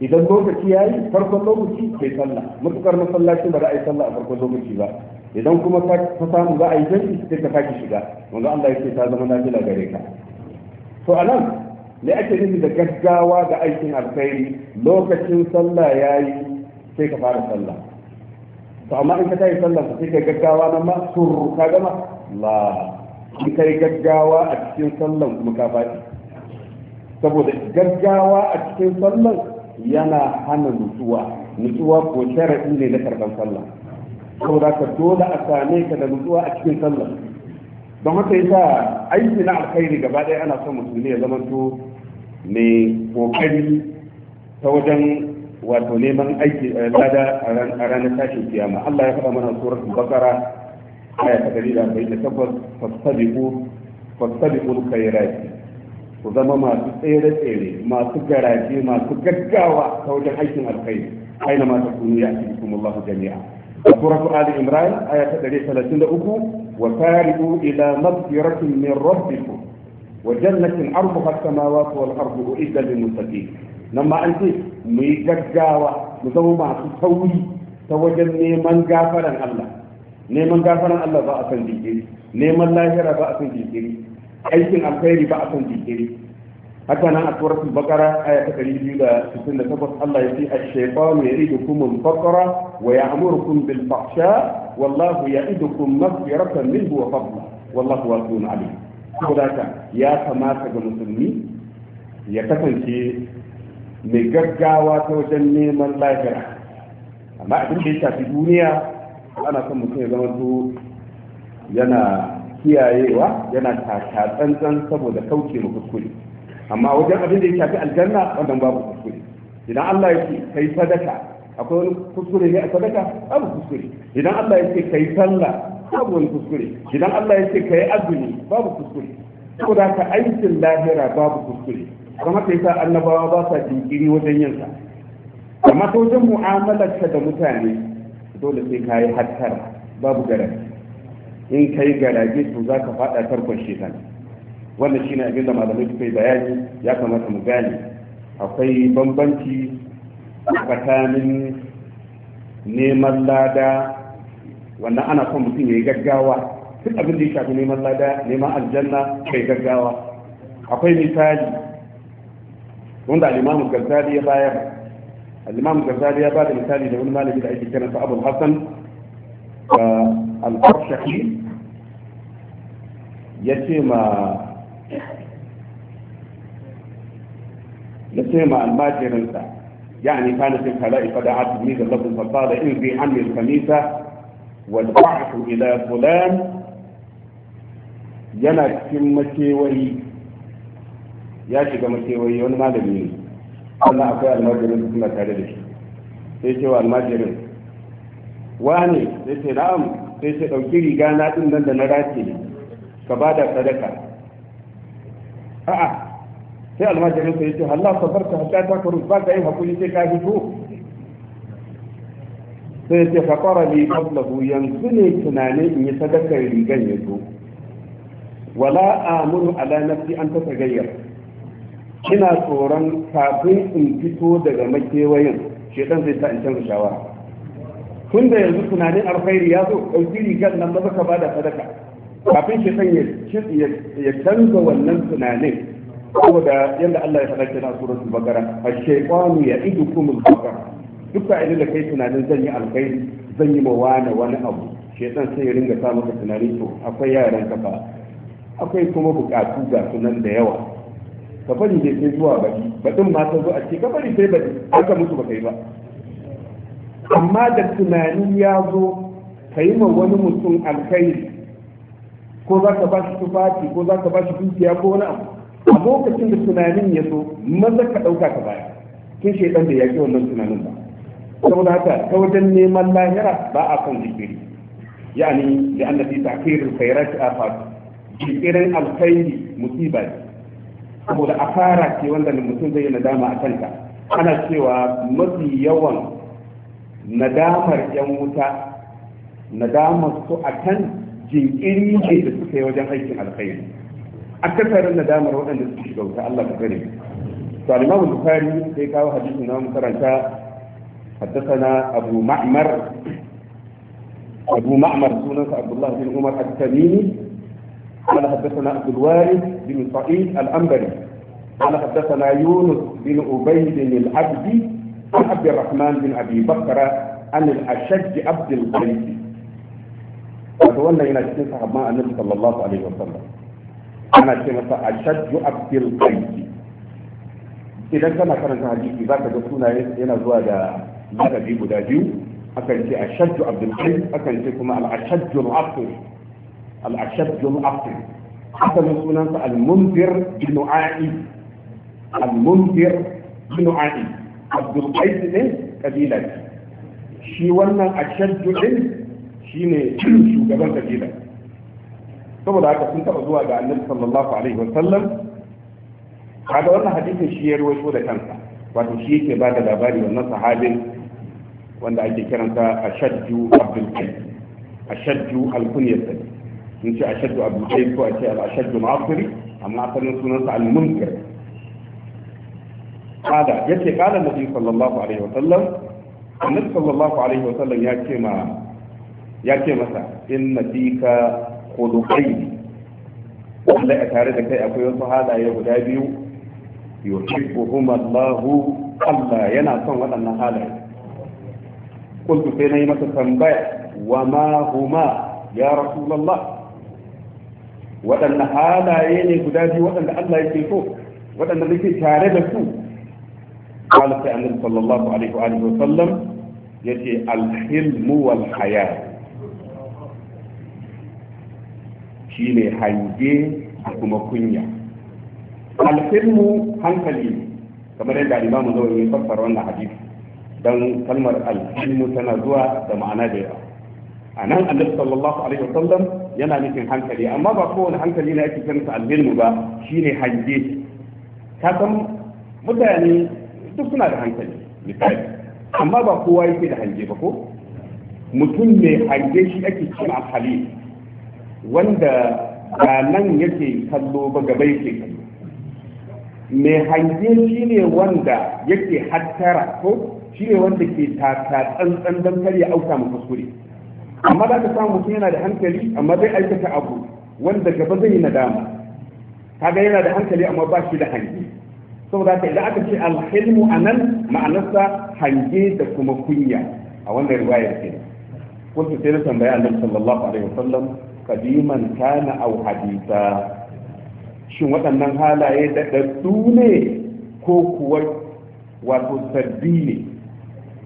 idan lokaci ya yi farkon lokaci kai sallah matukar masallaci ba za a yi sallah a farkon lokaci ba idan kuma ka samu za a yi jami'i sai ka kaki shiga wanda Allah ya ce ta zama nafila gare ka to a nan, ne ake nufi da gaggawa ga aikin alkhairi lokacin sallah ya yi sai ka fara sallah to amma in ka tayi sallah sai ka gaggawa nan ma surru ka gama la in kai gaggawa a cikin sallan kuma ka faɗi saboda gaggawa a cikin sallan yana hana nutsuwa nutsuwa ko sharaɗi ne na karban sallah saboda ka dole a same ka da nutsuwa a cikin sallah don haka yasa aiki na alkhairi gaba ɗaya ana son ne ya zama to mai kokari ta wajen wato neman aiki eh, lada a ranar tashin kiyama Allah ya faɗa mana suratul bakara. aya ta 148 fastabiqu fastabiqul khairat ku zama masu tsere-tsere masu garaje masu gaggawa ta wajen aikin alkhairi aina ma ta kunu ya ake kuma Allah jami'a A suratu ali imran aya ta ɗari talatin da uku, wa tariqu ila maghfiratin min rabbikum wa jannatin arduha as-samawati wal ardu uiddat lil muttaqin nan ma an ce mu yi gaggawa mu zama masu tauri ta wajen neman gafaran Allah neman gafaran Allah ba a san jinkiri neman lahira ba a san jinkiri aikin alkhairi ba a san jinkiri haka nan a suratul baqara aya ta 268 Allah ya ce ash-shaytanu ya'idukum al-faqra wa ya'murukum bil fahsha wallahu ya'idukum maghfiratan minhu wa fadla wallahu wasi'un alim saboda ya kamata ga musulmi ya kasance mai gaggawa ta wajen neman lahira amma abin da ya shafi duniya ana son mutum ya zama yana kiyayewa yana taka tsantsan saboda kauce wa kuskure amma wajen abin da ya shafi aljanna wannan babu kuskure idan Allah ya ce kai sadaka akwai wani kuskure ne a sadaka babu kuskure idan Allah ya ce kai sallah babu wani kuskure idan Allah ya ce kai azumi babu kuskure saboda ka aikin lahira babu kuskure kuma kai sa annabawa ba sa jinkiri wajen yin sa amma ta wajen mu'amalarka da mutane dole sai ka yi hattara babu garanti in kai garage to za ka faɗa tarkon shekan wannan shine abin da malamai suka yi bayani ya kamata mu gane akwai bambanci tsakanin neman lada wannan ana son mutum ya yi gaggawa duk abin da ya shafi neman lada neman aljanna kai gaggawa akwai misali wanda alimamu gazzali ya bayar alimamu gazzali ya ba da misali da wani malami da ake kiransa abul hassan ah, al-farshahi ya ce ma ya ce ma almajirinsa يعني كانت الخلائق قد عاد تلميذا لكم فقال انزي عني الخميسه والبعث الى فلان yana cikin makewayi ya shiga makewayi wani malami ne Allah akwai almajirin su suna tare da shi sai ce wa almajirin wani sai ce na'am sai sai ɗauki riga na ɗin nan da na race ka ba da sadaka a'a sai almajirin sai ce Allah ka bar ta hatta ta karu ba ka yi hakuri sai ka fito sai ce ka fara ne kablahu yanzu ne tunanin in yi sadakar rigan ya zo wala amuru ala nafsi an ta tagayyar ina tsoron kafin in fito daga makewayin shedan zai sa in canza shawara tun da yanzu tunanin alkhairi ya zo ɗauki rigar nan maza ka bada sadaka kafin shi san ya canza wannan tunanin saboda yadda Allah ya faɗa kenan suratul bakara ash-shaytanu ya'idukum al-bakara duk sa'ilin da kai tunanin zan yi alkhairi zan yi mawana wani abu shaitan sai ya ringa sa maka tunani to akwai yaran kafa akwai kuma bukatu ga sunan da yawa ka bari dai sai zuwa baki baɗin ma ta zo a ce ka bari sai baɗi ka mutu ba kai ba amma da tunani ya zo ka yi ma wani mutum alkhairi ko za ka ba shi tufafi ko za ka ba shi dukiya ko wani abu a lokacin da tunanin ya zo maza ka ɗauka ka baya tun shaidan da ya ƙi wannan tunanin ba saboda haka ta wajen neman lahira ba a kan jikiri yani da annabi takirin khairat afat jikirin alkhairi musiba ne saboda asara ce wanda mutum zai yi nadama a kanta ana cewa mafi yawan nadamar yan wuta nadamar su a kan jinkiri ne da suka yi wajen aikin alkhairi akasarin nadamar waɗanda suke shiga wuta Allah ka gani. to al-Imam Bukhari sai kawo hadisi na mu karanta حدثنا أبو معمر أبو معمر سنة عبد الله بن عمر التميمي قال حدثنا عبد الوارث بن صعيد الأنبري قال حدثنا يونس بن أبي بن العبدي عبد الرحمن بن أبي بكر عن الأشج عبد القيس وتولى إلى الشيخ صحابة النبي صلى الله عليه وسلم أنا شيخ أشج عبد القيس إذا كان كان حديثي ذاك دكتور هنا زوا ده ذاك بيجو ده بيو أكن شيء أشج عبد القيس أكن شيء كما الأشج العصري الأشج العصري حتى من سنة المنذر بن عائد المنذر بن عائد عبد القيس من قبيلة شي وانا أشد علم شي ني شو قبل قبيلة ثم ذاك كنت أزوى على النبي صلى الله عليه وسلم هذا وانا حديث شي يروي شو ده كانت وانا شي كبادة لاباري وانا صحابي وانا أجي كرمت أشد عبد القيس أشد القنية إن شاء أشد عبد القيس وأشد العصري أما أعطني سنة المنكر kada yace kana nabi sallallahu alaihi wa sallam annabi sallallahu alaihi wa sallam ya ce ma ya ce masa inna fika khuluqaini wanda a tare da kai akwai wasu halaye guda biyu yuhibbuhum Allah Allah yana son waɗannan halaye kuntu sai nayi masa tambaya wa ma huma ya rasulullah waɗannan halaye ne guda biyu waɗanda Allah yake so waɗanda nake tare da su قال سأل صلى الله عليه وآله وسلم يتي الحلم والحياة شيني هنجي أكما كنيا الحلم هنكلي كما رأي الإمام النووي يفسر وانا dan kalmar alhilmu tana zuwa da ma'ana da yawa a nan annabi sallallahu alaihi wasallam yana nufin hankali amma ba kowane hankali ne ake kiransa alhilmu ba shine hange ka san mutane duk suna da hankali misali amma ba kowa yake da hange ba ko mutum mai hange shi ake cin hali wanda ba nan yake kallo ba gaba yake kallo mai hange shi ne wanda yake hattara ko shi ne wanda ke taka tsantsan don kar ya auka mu kuskure amma da ka samu mutum yana da hankali amma zai aikata abu wanda gaba zai yi nadama kaga yana da hankali amma ba shi da hange saboda ka idan aka ce alhilmu a nan ma'anarsa hange da kuma kunya a wannan riwayar ke wasu sai na tambaya annabi sallallahu alaihi wasallam kadiman kana aw hadisa shin waɗannan halaye dadu ne ko kuwa wato sabbi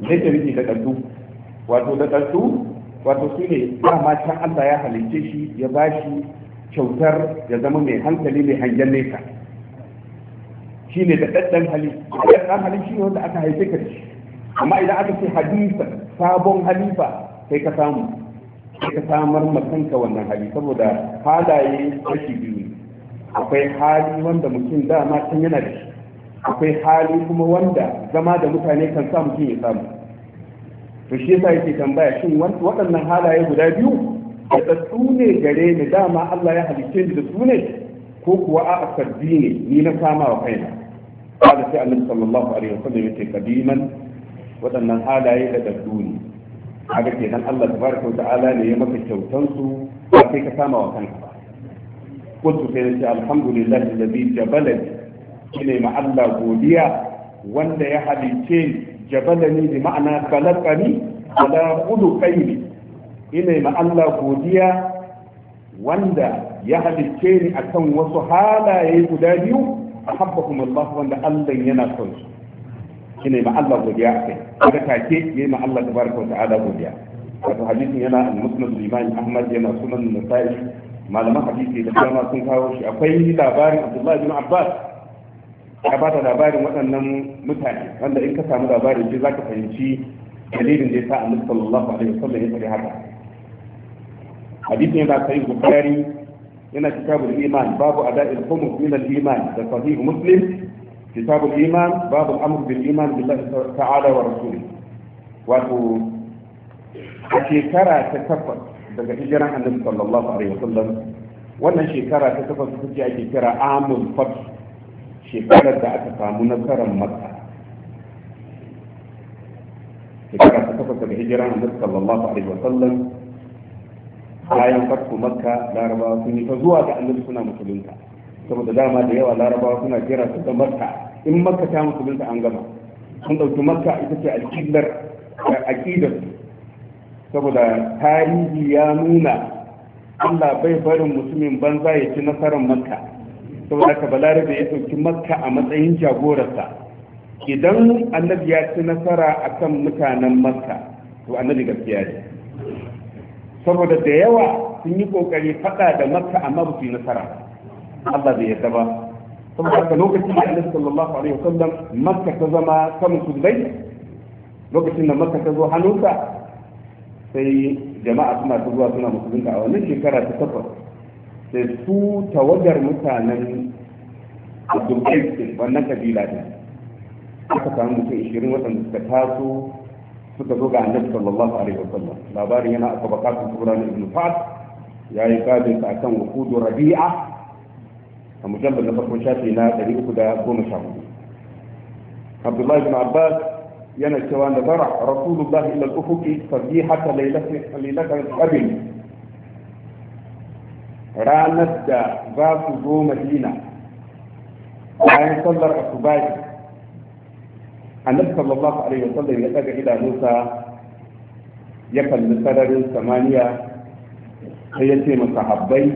ne zai ta rike dadu wato dadu wato su ne dama can Allah ya halicce shi ya bashi kyautar ya zama mai hankali mai hangen nesa ne da ɗaɗɗan hali daddan hali shi ne wanda aka haife ka shi amma idan aka ce halifa sabon halifa sai ka samu sai ka samar ma kanka wannan hali saboda halaye kashi biyu akwai hali wanda mutum dama can yana da shi akwai hali kuma wanda zama da mutane kan sa mutum ya samu to shi yasa yake tambaya shin waɗannan halaye guda biyu da su ne gare ni dama Allah ya halicce ni da su ne ko kuwa a sabbi ne ni na kama wa kaina kada sai annabi sallallahu alaihi wasallam kadiman waɗannan halaye da dadduni haka kenan Allah tabaraka wa ta'ala ne ya maka kyautan su ba sai ka sama wa kanka ba kuntu sai alhamdulillah alladhi jabalani shine ma Allah godiya wanda ya halice ni jabalani bi ma'ana khalaqani ala uduqaini ina ma Allah godiya wanda ya halice ni akan wasu halaye guda biyu ahabbahum Allah wanda Allah yana son su shine ma Allah godiya akai kada take yayi ma Allah tabaraka wa ta'ala godiya wato hadisin yana al-musnad al-imam Ahmad yana sunan Nasa'i malaman hadisi da dama sun kawo shi akwai labarin Abdullah ibn Abbas ya ba da labarin waɗannan mutane wanda in ka samu labarin shi zaka fahimci dalilin da yasa Annabi sallallahu alaihi wasallam ya faɗi haka hadisin yana sahih Bukhari yana kitabul iman babu ada'il humus min al iman da sahih muslim kitabul iman babu amr bil iman billahi ta'ala wa rasulih wato a shekara ta takwas daga hijiran annabi sallallahu alaihi wasallam wannan shekara ta takwas ita ce ake kira amul fat shekarar da aka samu nasarar makka shekara ta takwas daga hijiran annabi sallallahu alaihi wasallam bayan farko makka larabawa sun yi ta zuwa ga annabi suna musulunta saboda dama da yawa larabawa suna kira su da makka in makka ta musulunta an gama sun ɗauki makka ita ce alƙidar aƙidar saboda tarihi ya nuna Allah bai barin musulmin banza ya ci nasarar makka saboda ka balarabe ya ɗauki makka a matsayin jagorarsa idan annabi ya ci nasara akan mutanen makka to annabi gaskiya ne saboda da yawa sun yi kokari fada da makka amma ba su yi nasara Allah bai yarda ba saboda haka lokacin da Annabi sallallahu alaihi wasallam makka ta zama ta musulmai lokacin da makka ta zo hannunsa sai jama'a suna ta zuwa suna musulunta a wannan shekara ta takwas sai su tawagar mutanen Abdul Qais wannan kabila ne aka samu mutum 20 waɗanda suka taso suka zo ga annabi sallallahu alaihi wasallam labari yana aka bakatun kubra na ibn fad ya yi babin sa akan wukudu rabi'a a mujallal na farko shafi na 314 Abdullah ibn abbas yana cewa da bara rasulullah ila al-ufuqi fadihata laylati al qabil ranar da za su zo madina bayan sallar asubahi annabi sallallahu alaihi wasallam ya daga idanunsa ya kalli sararin samaniya sai ya ce masa habbai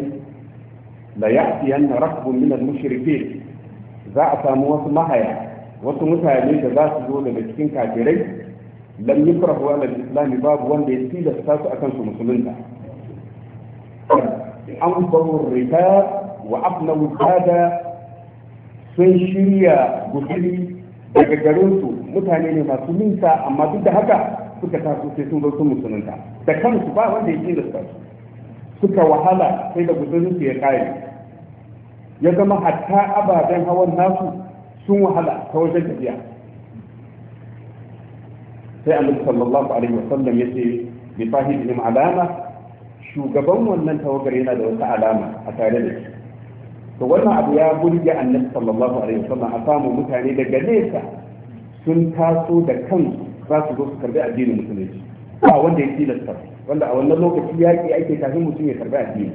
la ya'tiyan rakbun min al-mushrikin za a samu wasu mahaya wasu mutane da za su zo daga cikin kafirai lam yukrahu ala al-islam babu wanda ya tilasta su akan su musulunta an baru rita wa afnawu sun shirya guduri daga garinsu mutane ne masu minta amma duk da haka suka taso sai sun zo musulunta da kansu ba wanda ya tilasta su suka wahala sai da guzurin su ya kare ya zama hatta ababen hawan nasu sun wahala ta wajen tafiya sai annabi sallallahu alaihi wasallam yace bi sahibihim alama shugaban wannan tawagar yana da wata alama a tare da shi to wannan abu ya burge annabi sallallahu alaihi wasallam a samu mutane daga nesa sun taso da kansu za su zo su karbi addinin musulunci ba wanda ya tilasta wanda a wannan lokaci yaƙi ake kafin mutum ya karbi addini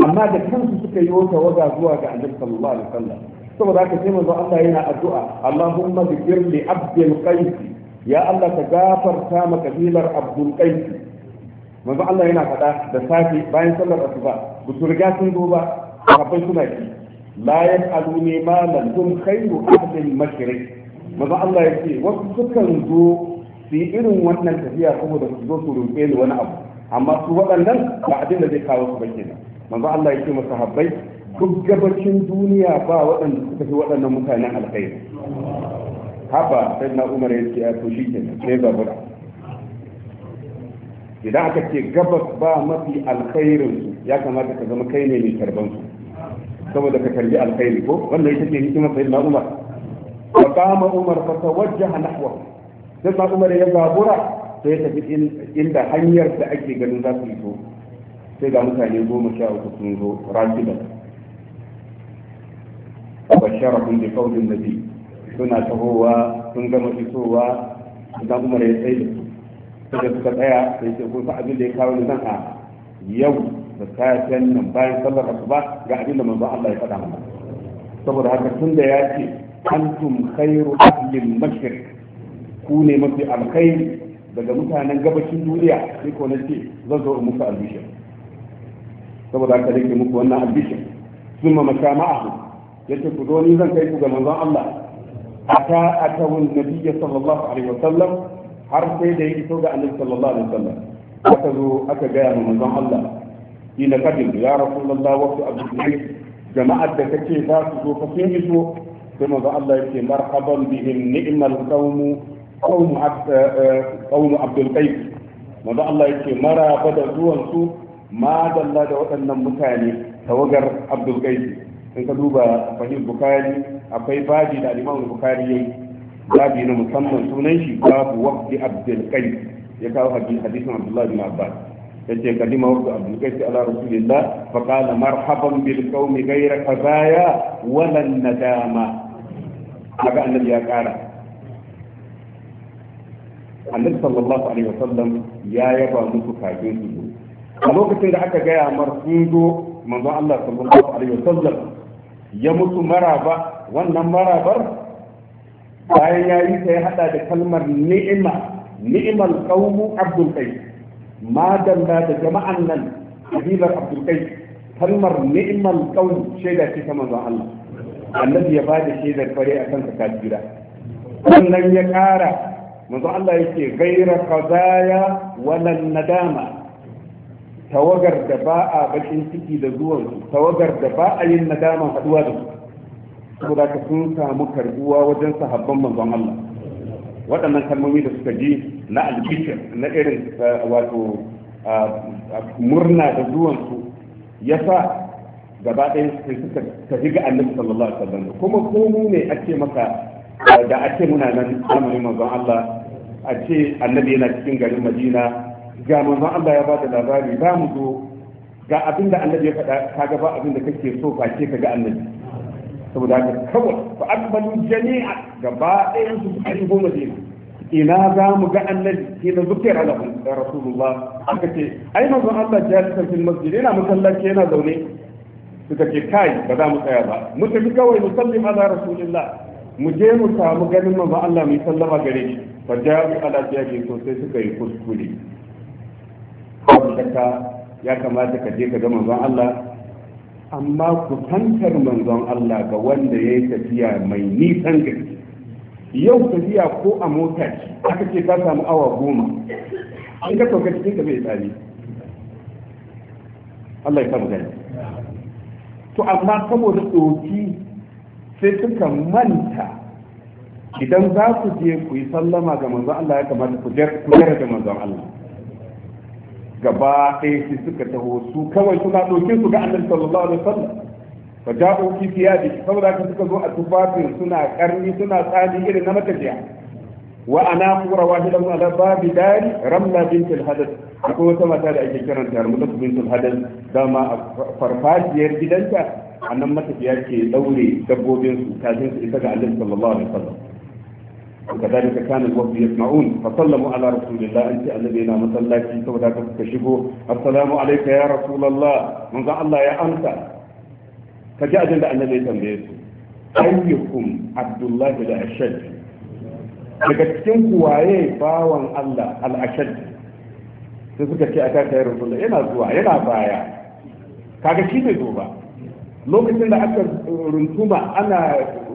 amma da kansu suka yi wata waga zuwa ga annabi sallallahu alaihi wasallam saboda haka sai manzo Allah yana addu'a Allahumma zikir li abdul qais ya Allah ka gafarta ma kabilar abdul qais manzo Allah yana faɗa da safi bayan sallar asuba ba su riga sun zo ba sahabbai suna ki la yas'aluni malan hum khairu ahli mashriq maza Allah ya ce wasu sukan zo su yi irin wannan tafiya kuma da su zo su roƙe ni wani abu amma su waɗannan ba abin da zai kawo su bai kenan manzo Allah ya ce masa habbai duk gabacin duniya ba waɗanda suka fi waɗannan mutanen alkhairi haba sai na umar ya ce a to shi kenan sai zabura idan aka ce gabas ba mafi alkhairin su ya kamata ka zama kai ne mai karban su saboda ka karbi alkhairi ko wannan ita ce hikimar na umar فقام عمر فتوجه نحوه sai umar ya babura sai ya tafi inda hanyar da ake ganin za su fito sai ga mutane goma sha uku sun zo rafidan bashara kun bi kaulin nabi suna tahowa sun gama fitowa idan umar ya tsaye da su sai tsaya sai ce kun abin da ya kawo ni nan a yau da safiyan nan bayan sallar asuba ga abin da manzo Allah ya faɗa mana saboda haka tun da ya ce antum khairu ahlil mashriq ku ne mafi alkhairi daga mutanen gabashin duniya sai ko nace zan zo muku albishir saboda haka dake muku wannan ma summa makama'ahu yace ku zo ni zan kai ku ga manzon Allah ata atawun nabiyyi sallallahu alaihi wasallam har sai da ya iso ga annabi sallallahu alaihi wasallam aka zo aka gaya ma manzon Allah ina kadin ya rasulullah wa abdul jama'ar da kake za su zo fa sun iso sai Maza Allah yake marhaban bihim ni'mal qawmu qawmu eh, qawmu abdul qais manzo Allah yake maraba da zuwan su ma dalla da waɗannan mutane tawagar abdul qais in ka duba Fahim bukhari akwai babi da al-imam bukhari yayi babi na musamman sunan shi babu waqti abdul qais ya kawo hadisin abdullah bin abbas yace kadima waqti abdul qais ala rasulillah fa qala marhaban bil qaumi ghayra qazaya wala nadama kaga annabi ya kara annabi sallallahu alaihi wasallam ya yaba musu kafin su zo a lokacin da aka gaya mar sun zo manzon Allah sallallahu alaihi wasallam ya musu maraba wannan marabar bayan ya yi ta ya hada da kalmar ni'ima ni'imal qaumu abdul qais ma dalla da jama'an nan Habibar abdul qais kalmar ni'imal qaum shaida ce ta manzon Allah annabi ya bada shaidar kware a kan kafira Wannan ya ƙara manzo Allah yake gaira qazaya walan nadama tawagar da ba a bakin ciki da zuwan tawagar da ba a yin nadama haduwa da su saboda ka sun samu karbuwa wajen sahabban manzon Allah waɗannan kalmomi da suka ji na albishir na irin eh, wato ah, murna da zuwansu ya sa gaba ɗaya sai suka tafi ga annabi sallallahu alaihi wasallam kuma ko mu ne ake maka da ake muna nan zamanin manzon Allah a ce annabi yana cikin garin Madina ga manzon Allah ya bada labari za mu zo ga abin da annabi ya faɗa ka ga ba abin da kake so face ka ga annabi saboda haka kawai fa akbalu jami'a gaba ɗayan su a shigo Madina ina za mu ga annabi shi da zukira da rasulullah aka ce ai manzon Allah ya lissafi masjid yana masallaci yana zaune suka ce kai ba za mu tsaya ba mu tafi kawai mu sallim ala rasulillah mu je mu samu ganin manzo Allah mu sallama gare shi fa jabi ala jabi to sai suka yi kuskure babu ya kamata ka je ka ga manzon Allah amma ku tantar manzon Allah ga wanda ya yi tafiya mai nisan gari yau tafiya ko a mota ce aka ce ka samu awa goma an ka sauka cikin ka bai tsari Allah ya samu gani to amma saboda ɗoki sai suka manta idan za ku je ku yi sallama ga manzon Allah ya kamata ku jera da manzon Allah gaba ɗaya sai suka taho su kawai suna ɗauke su ga annabi sallallahu alaihi wasallam fa ja'u fi thiyabi saboda haka suka zo a tufafin suna karni suna tsani irin na matafiya wa ana kura wahidan ala babi dari ramla bint al-hadath akwai wata mata da ake kiranta ramla bint al-hadath dama a farfajiyar gidanta annan matafiya ke daure dabbobin su kafin su isa ga annabi sallallahu alaihi wasallam وكذلك كان الوفد يسمعون فسلموا على رسول الله انت الذي لا مصلى في سوداك تكشفوا السلام عليك يا رسول الله من قال الله يا انت فجاء جنب النبي تنبيه ايكم عبد الله بن الشج daga cikin kuwaye bawan Allah al'ashad sai suka ce a kaka yaron yana zuwa yana baya kaga shi bai zo ba lokacin da aka runtuma ana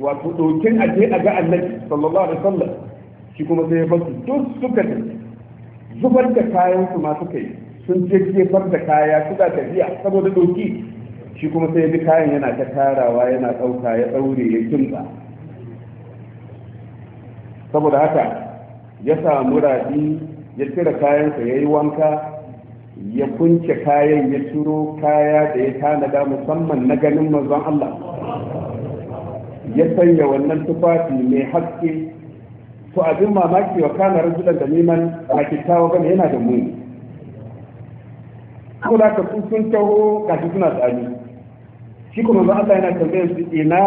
wato dokin aje a ga annabi sallallahu alaihi wasallam shi kuma sai ya basu duk suka tafi zubar da kayan su ma suka yi sun je jefar da kaya suka tafiya saboda doki shi kuma sai ya bi kayan yana ta tarawa yana ɗauka ya ɗaure ya kimsa saboda haka ya samu rafi ya cire kayansa ya yi wanka ya kunce kayan ya turo kaya da ya tanada musamman na ganin manzon Allah ya sanya wannan tufafi mai haske to abin mamaki wa kana rajulan da neman a kyakkyawa gane yana da muni ko da ka sun taho kafin suna tsari shi kuma manzon Allah yana tambayar su ina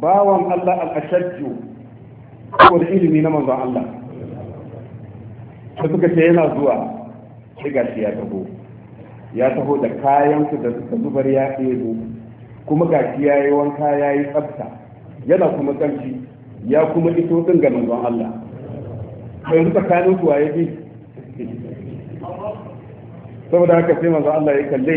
bawan Allah al-ashajju saboda ilimi na manzon Allah sai suka ce yana zuwa sai shi ya taho ya taho da kayan su da suka zubar ya ɗebo kuma gashi ya yi wanka ya yi tsafta yana kuma kanci. ya kuma ito, din ga manzon Allah suka kano su waye bi saboda haka sai manzon Allah ya kalle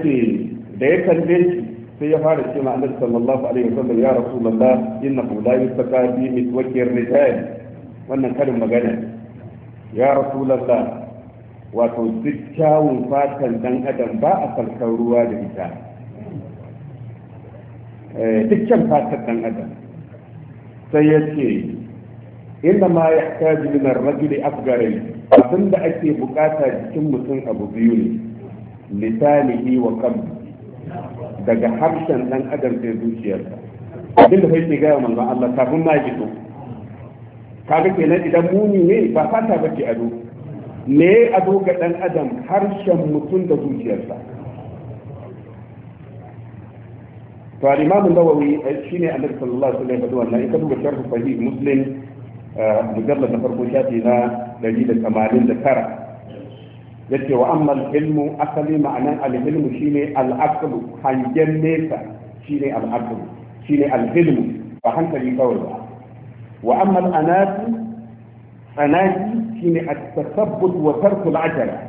shi da ya kalle shi sai ya fara cewa annabi sallallahu alaihi wasallam ya rasulullah innahu la yustaka bi mitwakir rijal wannan karin magana ya rasulullah wato duk kyawun fatan dan adam ba a salkar ruwa da ita eh, dukkan fatan dan adam sai ya ce inda ma ya kaji min rajuli afgare abin da ake bukata jikin mutum abu biyu ne lisanihi wa qalbi daga harshen dan adam sai zuciyarsa abin da kai ke gaya manzon Allah kafin ma kaga kenan idan muni ne ba fata bace ado ne ado ga dan adam harshen mutum da zuciyarsa to al-imam an-nawawi eh, shine annabi sallallahu alaihi wa sallam in ka duba sharh sahih muslim eh, mujallad na farko shafi na 189 yace wa amma ilmu asali ma'anan al-ilmu shine al-aqlu hangen nesa shine al-aqlu shine al-ilmu ba hankali kawai ba wa amma al-anatu anati shine at-tasabbut wa tarku al-ajala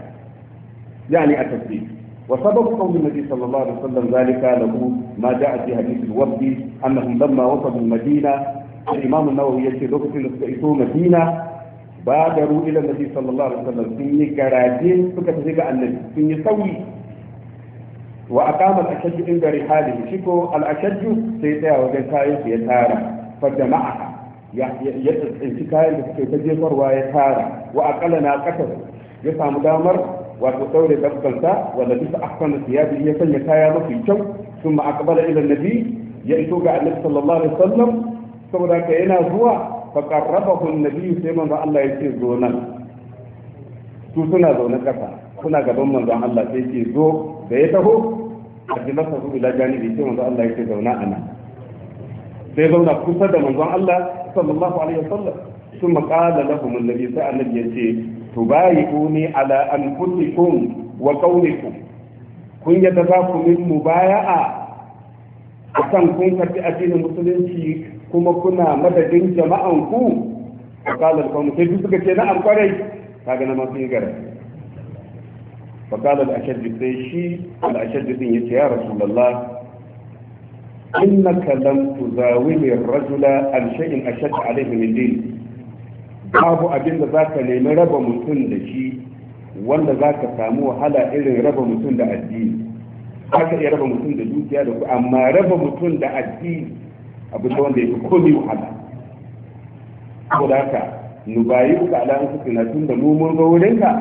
yani at-tasbih wa sabab qawli nabi sallallahu alaihi wasallam zalika lahu ma ja'a fi hadith al حديث annahum lamma wasalu al-madina الامام النووي يشهد في مدينه ba da ru ila nabi sallallahu alaihi wasallam sun yi garaje suka tafi ga annabi sun yi sauyi wa aqama al-ashaj inda rihalihi shi ko al-ashaj sai tsaya wajen kayan ya tara fa jama'a ya tsinci kayan da suke ta jefarwa ya tara wa aqala na qatar ya samu damar wato daure dabbalta wanda bisa ahsana thiyabi ya sanya kaya mafi kyau thumma aqbala ila nabi ya iso ga annabi sallallahu alaihi wasallam saboda ka yana zuwa فقربه النبي sai manzon Allah yake zo nan su suna zaune kasa suna gaban manzon Allah sai yake zo da ya taho ajilasa su ila janibi sai manzon Allah yake zauna a nan sai zauna kusa da manzon Allah sallallahu alaihi wasallam ثم قال لهم النبي صلى الله عليه وسلم تبايعوني على انفسكم وقولكم akan kun addinin musulunci kuma kuna madadin jama'an ku faqala al sai duk suka ce na amkwarai kaga na masu gara faqala al-ashad sai shi al-ashad ya ce ya rasulullah innaka lam tuzawili ar-rajula an shay'in ashad alayhi min din babu abin da zaka nemi raba mutum da shi wanda zaka samu wahala irin raba mutum da addini zaka iya raba mutum da dukiya da ku amma raba mutum da addini abin da wanda ya fi komi wahala saboda haka nubayi ka ala an suka tun da mu mun ga wurin ka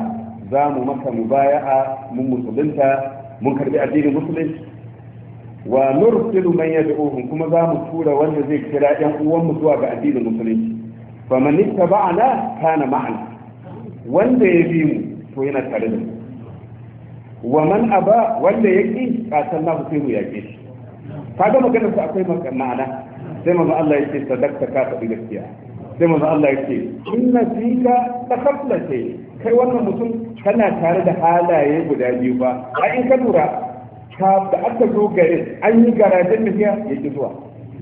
za mu maka mu baya a mun musulunta mun karbi addinin musulunci wa nursilu man yad'uhum kuma za mu tura wanda zai kira yan uwan mu zuwa ga addinin musulunci fa man ittaba'ana kana ma'ana wanda ya bi mu to yana tare da mu wa man aba wanda ya ƙi kasan na ku sai mu yaƙe shi kaga maganar su akwai ma'ana sai manzo Allah ya ce sadakta ka faɗi gaskiya sai manzo Allah ya ce inna tafafla ce kai wannan mutum kana tare da halaye guda biyu ba a in ka lura ka da aka zo gare an yi garajen nufiya ya ki zuwa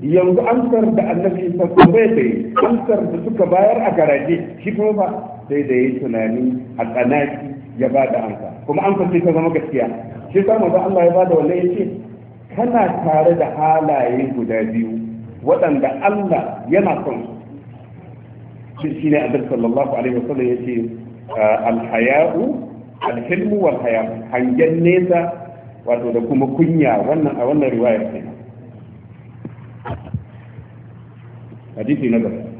yanzu amsar da annabi isa ko bai yi amsar da suka bayar a garaje shi kuma ba sai da yi tunani a tsanaki ya ba da amsa kuma an sai ta zama gaskiya shi sa manzo Allah ya ba da wannan ce kana tare da halaye guda biyu waɗanda Allah yana son su shi ne annabi sallallahu alaihi wasallam ce ah, alhaya'u alhilmu wal haya hangen nesa wato da kuma kunya wannan a wannan riwaya ce hadisi na gaba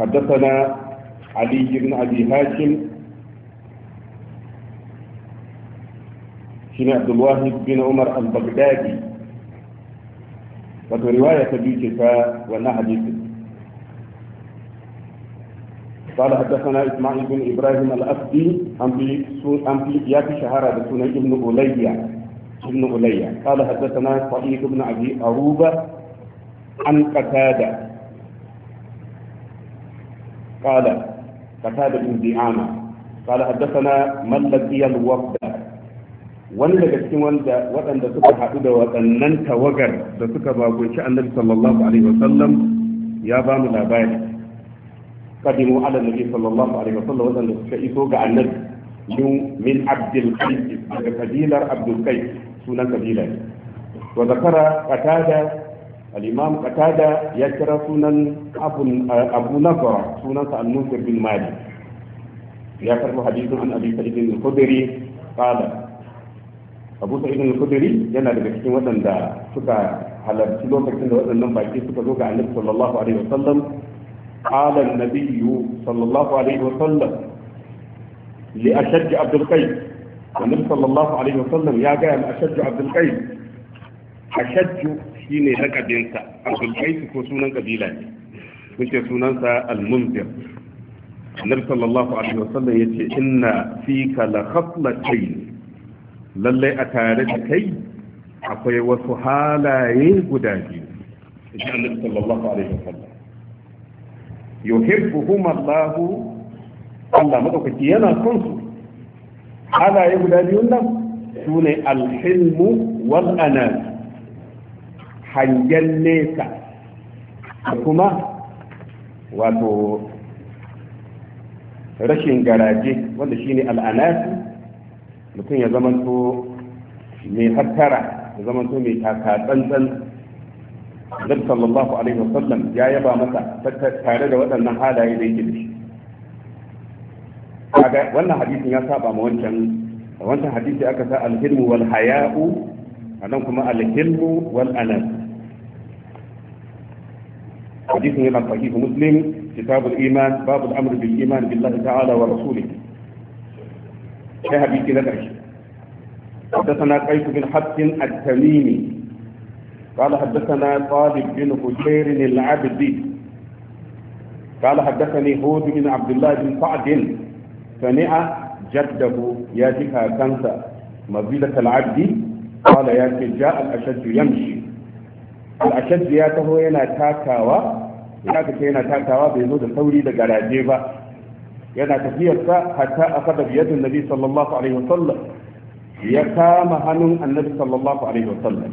حدثنا علي بن ابي هاشم shine عبد الواحد بن عمر البغدادي wato riwaya ta قال حدثنا اسماعيل بن ابراهيم الاسدي عن في عن في شهاره بسنة ابن اولياء ابن اولياء قال حدثنا صعيد بن ابي اروبه عن قتاده قال قتاده بن دعامه قال حدثنا من لقي الوفد wani daga cikin wanda waɗanda suka haɗu da waɗannan tawagar da suka bagunci annabi sallallahu alaihi wasallam ya ba mu labari kadimu ala nabi sallallahu alaihi wasallam waɗanda suka iso ga annabi min min abdul qais daga kabilar abdul qais sunan kabila ne wa zakara qatada الإمام قتادة يكرى سنن أبو أبو نصر سنن النصر بن مالك يكرى حديث عن أبي سعيد الخدري قال abu sa'id al-khudri yana daga cikin waɗanda suka halarci lokacin da waɗannan baki suka zo ga annabi sallallahu alaihi wasallam qala an-nabiy sallallahu alaihi wasallam li ashajj abd al-qais annabi sallallahu alaihi wasallam ya ga ashajj abd al-qais ashajj shine lakabin sa abd al-qais ko sunan kabila ne kuke sunansa al-munzir annabi sallallahu alaihi wasallam yace inna fika la khaslatayn lallai a tare da kai akwai wasu halaye guda biyu idan annabi sallallahu alaihi wasallam yuhibbuhum Allah Allah madaukaki yana son su halaye guda biyun nan sune alhilmu wal anas hangen nesa da kuma wato rashin garaje wanda shine al'anas mutum ya zamanto mai hattara ya zamanto mai taka tsantsan Annabi sallallahu alaihi wasallam ya yaba masa tare da waɗannan halaye da yake da shi kaga wannan hadisin ya saba ma wancan wancan hadisi aka sa alhilmu wal haya'u anan kuma alhilmu wal anas hadisin yana sahihu muslim kitabul iman babul amr bil iman billahi ta'ala wa rasulihi sai hadisi na ƙarshe حدثنا قيس بن حفص التميمي قال حدثنا طالب بن حجير العبدي قال حدثني هود بن عبد الله بن سعد سمع جده ياتيك كنسا مزيدة العبد قال ياتي جاء الأشد يمشي الأشد ياته هنا تاكاوا ya ka ce yana takawa bai zo da sauri da garaje ba yana tafiyarsa hatta akada biyadin nabi sallallahu alaihi wasallam ya kama hannun annabi sallallahu alaihi wasallam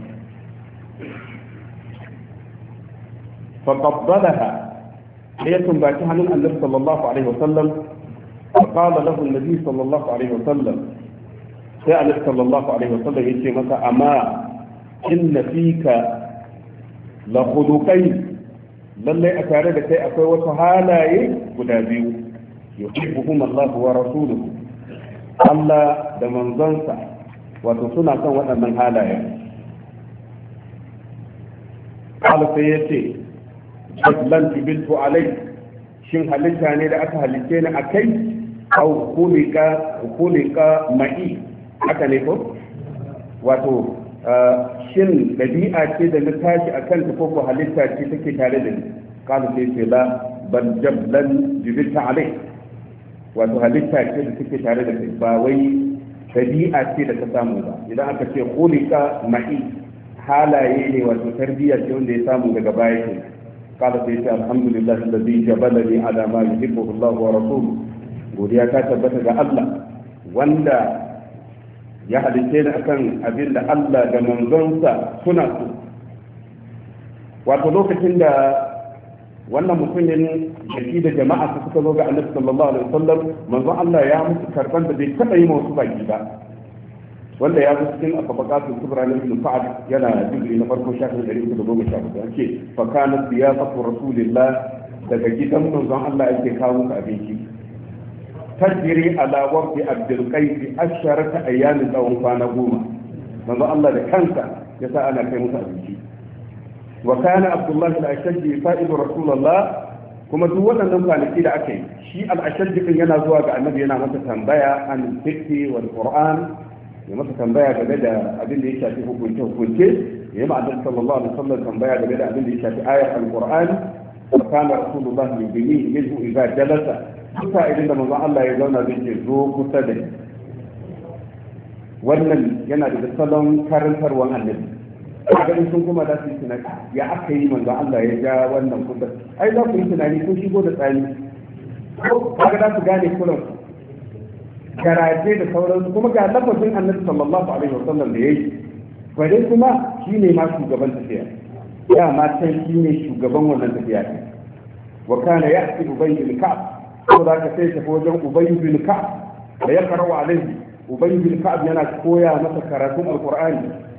فقبلها هي تنباتي عن النبي صلى الله عليه وسلم فقال له النبي صلى الله عليه وسلم سأل صلى الله عليه وسلم يشي متى أما إن فيك لخلقين لن أتعرض كي أكوي وسهالاي قدابيو yuhibbuhum Allah wa rasuluhu Allah da manzonsa wato suna son waɗannan halayen Allah sai yace lan tubiltu alai shin halitta ne da aka halitte ni akai au kulika ne ko wato shin ɗabi'a ce da na tashi a kanta ko halitta ce take tare da ni kalu sai ce la bal jablan jibita alai wato halitta ce da suke tare da kai ba wai tabi'a ce da ta samu ba idan aka ce kulika ma'i halaye ne wato tarbiyya ce wanda ya samu daga baya ke kala sai ce alhamdulillah alladhi jabalani ala ma yuhibbu Allah wa rasuluhu godiya ka tabbata ga Allah wanda ya halitta ni akan abin da Allah da manzonsa suna so wato lokacin da wannan mutumin da da jama'a su suka zo ga annabi sallallahu alaihi wasallam manzo Allah ya musu karban da bai taba yi wasu baki ba wanda ya zo cikin afabakatu kubra na ibn sa'ad yana jibri na farko shafin 314 yake fa kana siyasatu rasulillah daga gidan manzo Allah yake kawo muku abinci tajiri ala waqti abdul qais asharata ayyamin tsawon kwana goma manzo Allah da kansa ya sa ana kai musu abinci wa kana abdullah al-ashaddi fa'idu rasulullah kuma duk waɗannan kwanaki da aka yi shi al-ashaddi din yana zuwa ga annabi yana masa tambaya an fiqh wal qur'an ya masa tambaya game da abin da ya shafi hukunce hukunce ya yi ma'anar sallallahu alaihi wasallam tambaya game da abin da ya shafi ayat al-qur'an wa kana rasulullah min bini minhu idza jalasa duka idan da manzon Allah ya zauna zai ce zo kusa da wannan yana da salon karantarwar annabi ganin sun kuma za su yi tunani ya aka yi manzo Allah ya ja wannan kudar ai za ku yi tunani sun shigo da tsani ko ga za su gane kuran garaje da sauransu kuma ga lafazin annabi sallallahu alaihi wasallam da yayi bare kuma shine ma shugaban tafiya ya ma san shine shugaban wannan tafiya wa kana ya'ti ubay bin ka'b ko za ka sai tafi wajen ubay bin ka'b da ya karawa alaihi ubay bin yana koya masa karatun alqur'ani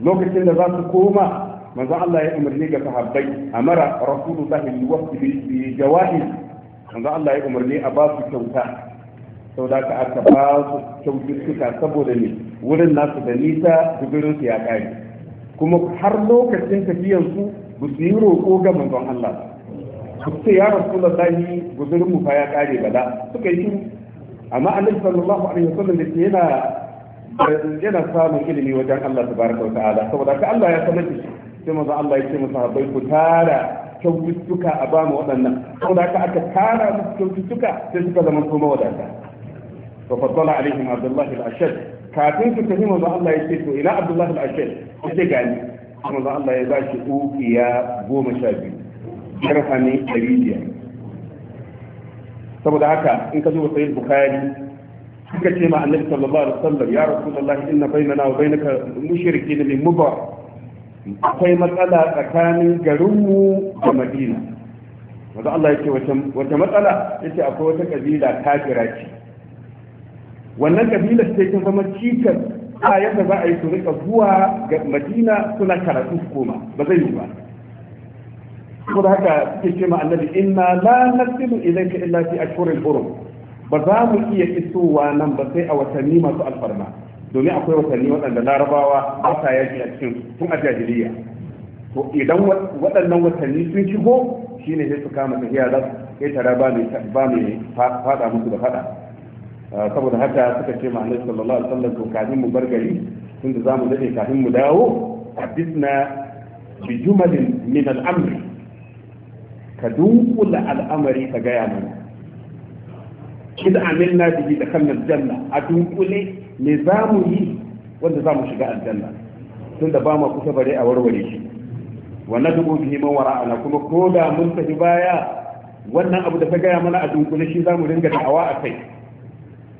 lokacin da za su koma manzo Allah ya umarni ga sahabbai amara rasulullahi liwaqti bi jawahi manzo Allah ya umarni a ba su kyauta saboda ka aka ba su kyaututtuka saboda ne wurin nasu da nisa gudurin su ya kare kuma har lokacin tafiyan su ba su yi roƙo ga manzon Allah ba su ya rasulullahi gudurin mu fa ya kare bala suka yi amma annabi sallallahu alaihi wasallam da yana yana samun ilimi wajen Allah Ta baraka wa ta'ala saboda ka Allah ya sanar da shi sai maza Allah ya ce musu habbai ku tara kyaututtuka a ba mu waɗannan saboda ka aka tara musu kyaututtuka sai suka zama su mawadata fa faddala alaihim abdullah al-ashad kafin su tafi manzo Allah ya ce to ina abdullah al-ashad sai gani manzo Allah ya ba shi ukiya goma sha biyu dirhami ɗari biyar saboda haka in ka zo sahih bukhari suka ce ma annabi sallallahu alaihi wasallam ya rasulullahi inna bainana wa bainaka mushrikin min mubar akwai matsala tsakanin garinmu da madina wanda Allah yake wata matsala yace akwai wata kabila kafira ce wannan kabilar sai ta zama cikas a yadda za a yi su rika zuwa ga madina suna karatu su koma ba zai yi ba saboda haka suke ce ma annabi inna la nasilu ilayka illa fi ashhuril hurum ba za mu iya isowa nan ba sai a watanni masu alfarma domin akwai watanni waɗanda larabawa ba sa yaki a cikin tun a jahiliya to idan waɗannan watanni sun shigo shine sai su kama tafiya za su tara ba mai fada musu da fada ah, saboda haka suka ce ma annabi sallallahu alaihi wasallam to kafin mu bar gari tunda zamu dade kafin mu dawo hadisna bi jumalin min al-amr ka dunkula al'amari ka gaya mana kida amilna bihi da kan aljanna a dunkule me za mu yi wanda za mu shiga aljanna tun da ba ma kusa bare a warware shi wannan dubu bihi man wara'ana kuma ko da mun tafi baya wannan abu da ta gaya mana a dunkule shi za mu ringa da'awa a kai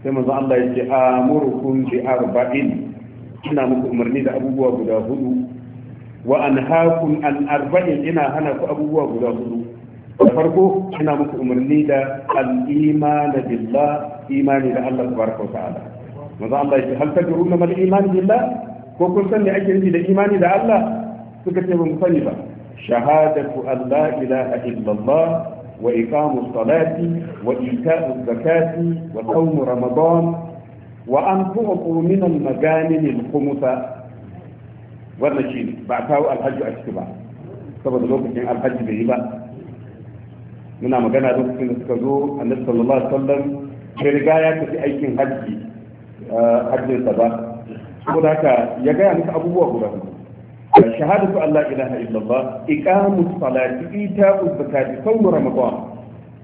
sai manzo Allah ya ce amurukum bi arba'in ina muku umarni da abubuwa guda hudu wa anhaakum an arba'in ina hana ku abubuwa guda hudu da farko ina muku umarni da al-imani billah imani da Allah tabaraka wa ta'ala manzo Allah ya ce hal tajruna mal imani billah ko kun san me ake nufi da imani da Allah suka ce ban sani ba shahadatu an la ilaha illallah wa iqamu salati wa ita'u zakati wa sawm ramadan wa an tu'tu min al-maganim al-khumsa wannan shi ba kawo alhaji a ciki ba saboda lokacin alhaji bai yi ba muna magana lokacin da suka zo annabi sallallahu alaihi wasallam bai riga ya tafi aikin hajji eh, hajjin sa ba saboda haka ya gaya musu abubuwa guda uku shahadatu Allah ilaha illallah iqamus salati ita'uz zakati sawm ramadan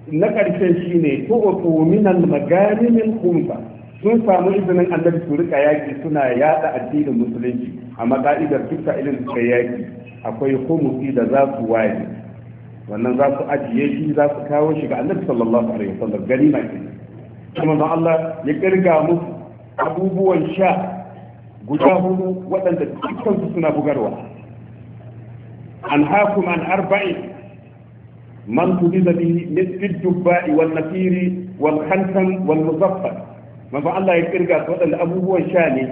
na karshen shine tu'tu min al-maganim al-khumsa sun samu izinin annabi su rika yaki suna yada addinin musulunci A ka'idar dukkan irin suka yaki akwai humusi da za su waye wannan za su ajiye shi za su kawo shi ga annabi sallallahu alaihi wasallam gani na ke kuma da Allah ya kirga musu abubuwan sha guda hudu waɗanda dukkan su suna bugarwa an hakum an arba'in man tuliza bi nisbid dubba'i wal nasiri wal khantam wal muzaffar man ba Allah ya kirga su waɗanda abubuwan sha ne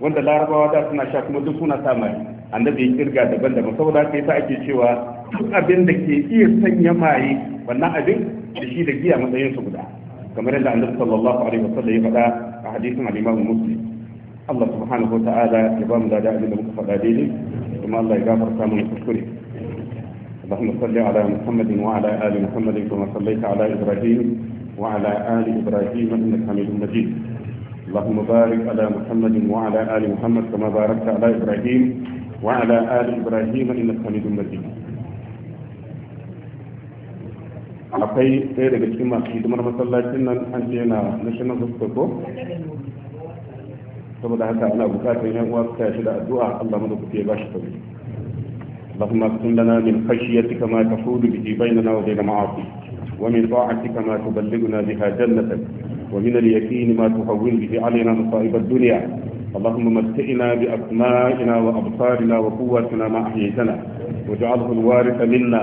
wanda larabawa da suna sha kuma duk suna samari annabi ya kirga daban-daban saboda haka yasa ake cewa duk abin da ke iya sanya maye wannan abin da shi da giya matsayin su guda kamar yadda annabi sallallahu alaihi wasallam ya faɗa a hadisin al-Imam Muslim Allah subhanahu wa ta'ala ya ba mu da abin da muka faɗa daidai kuma Allah ya gafarta mana kuskure اللهم صل على محمد وعلى ال محمد كما صليت على ابراهيم وعلى ال ابراهيم انك حميد مجيد اللهم بارك على محمد وعلى ال محمد كما باركت على ابراهيم وعلى ال ابراهيم انك حميد مجيد akwai ɗaya daga cikin masu hidimar masallacin nan an ce na national hospital saboda haka ana bukatar yan uwa su tashi da addu'a Allah mu da kuke ba shi sauki اللهم اقسم لنا من خشيتك ما تحول به بيننا وبين معاصيك ومن طاعتك ما تبلغنا بها جنتك ومن اليقين ما تهون به علينا مصائب الدنيا اللهم متئنا بأسمائنا وأبصارنا وقوتنا ما أحييتنا واجعله الوارث منا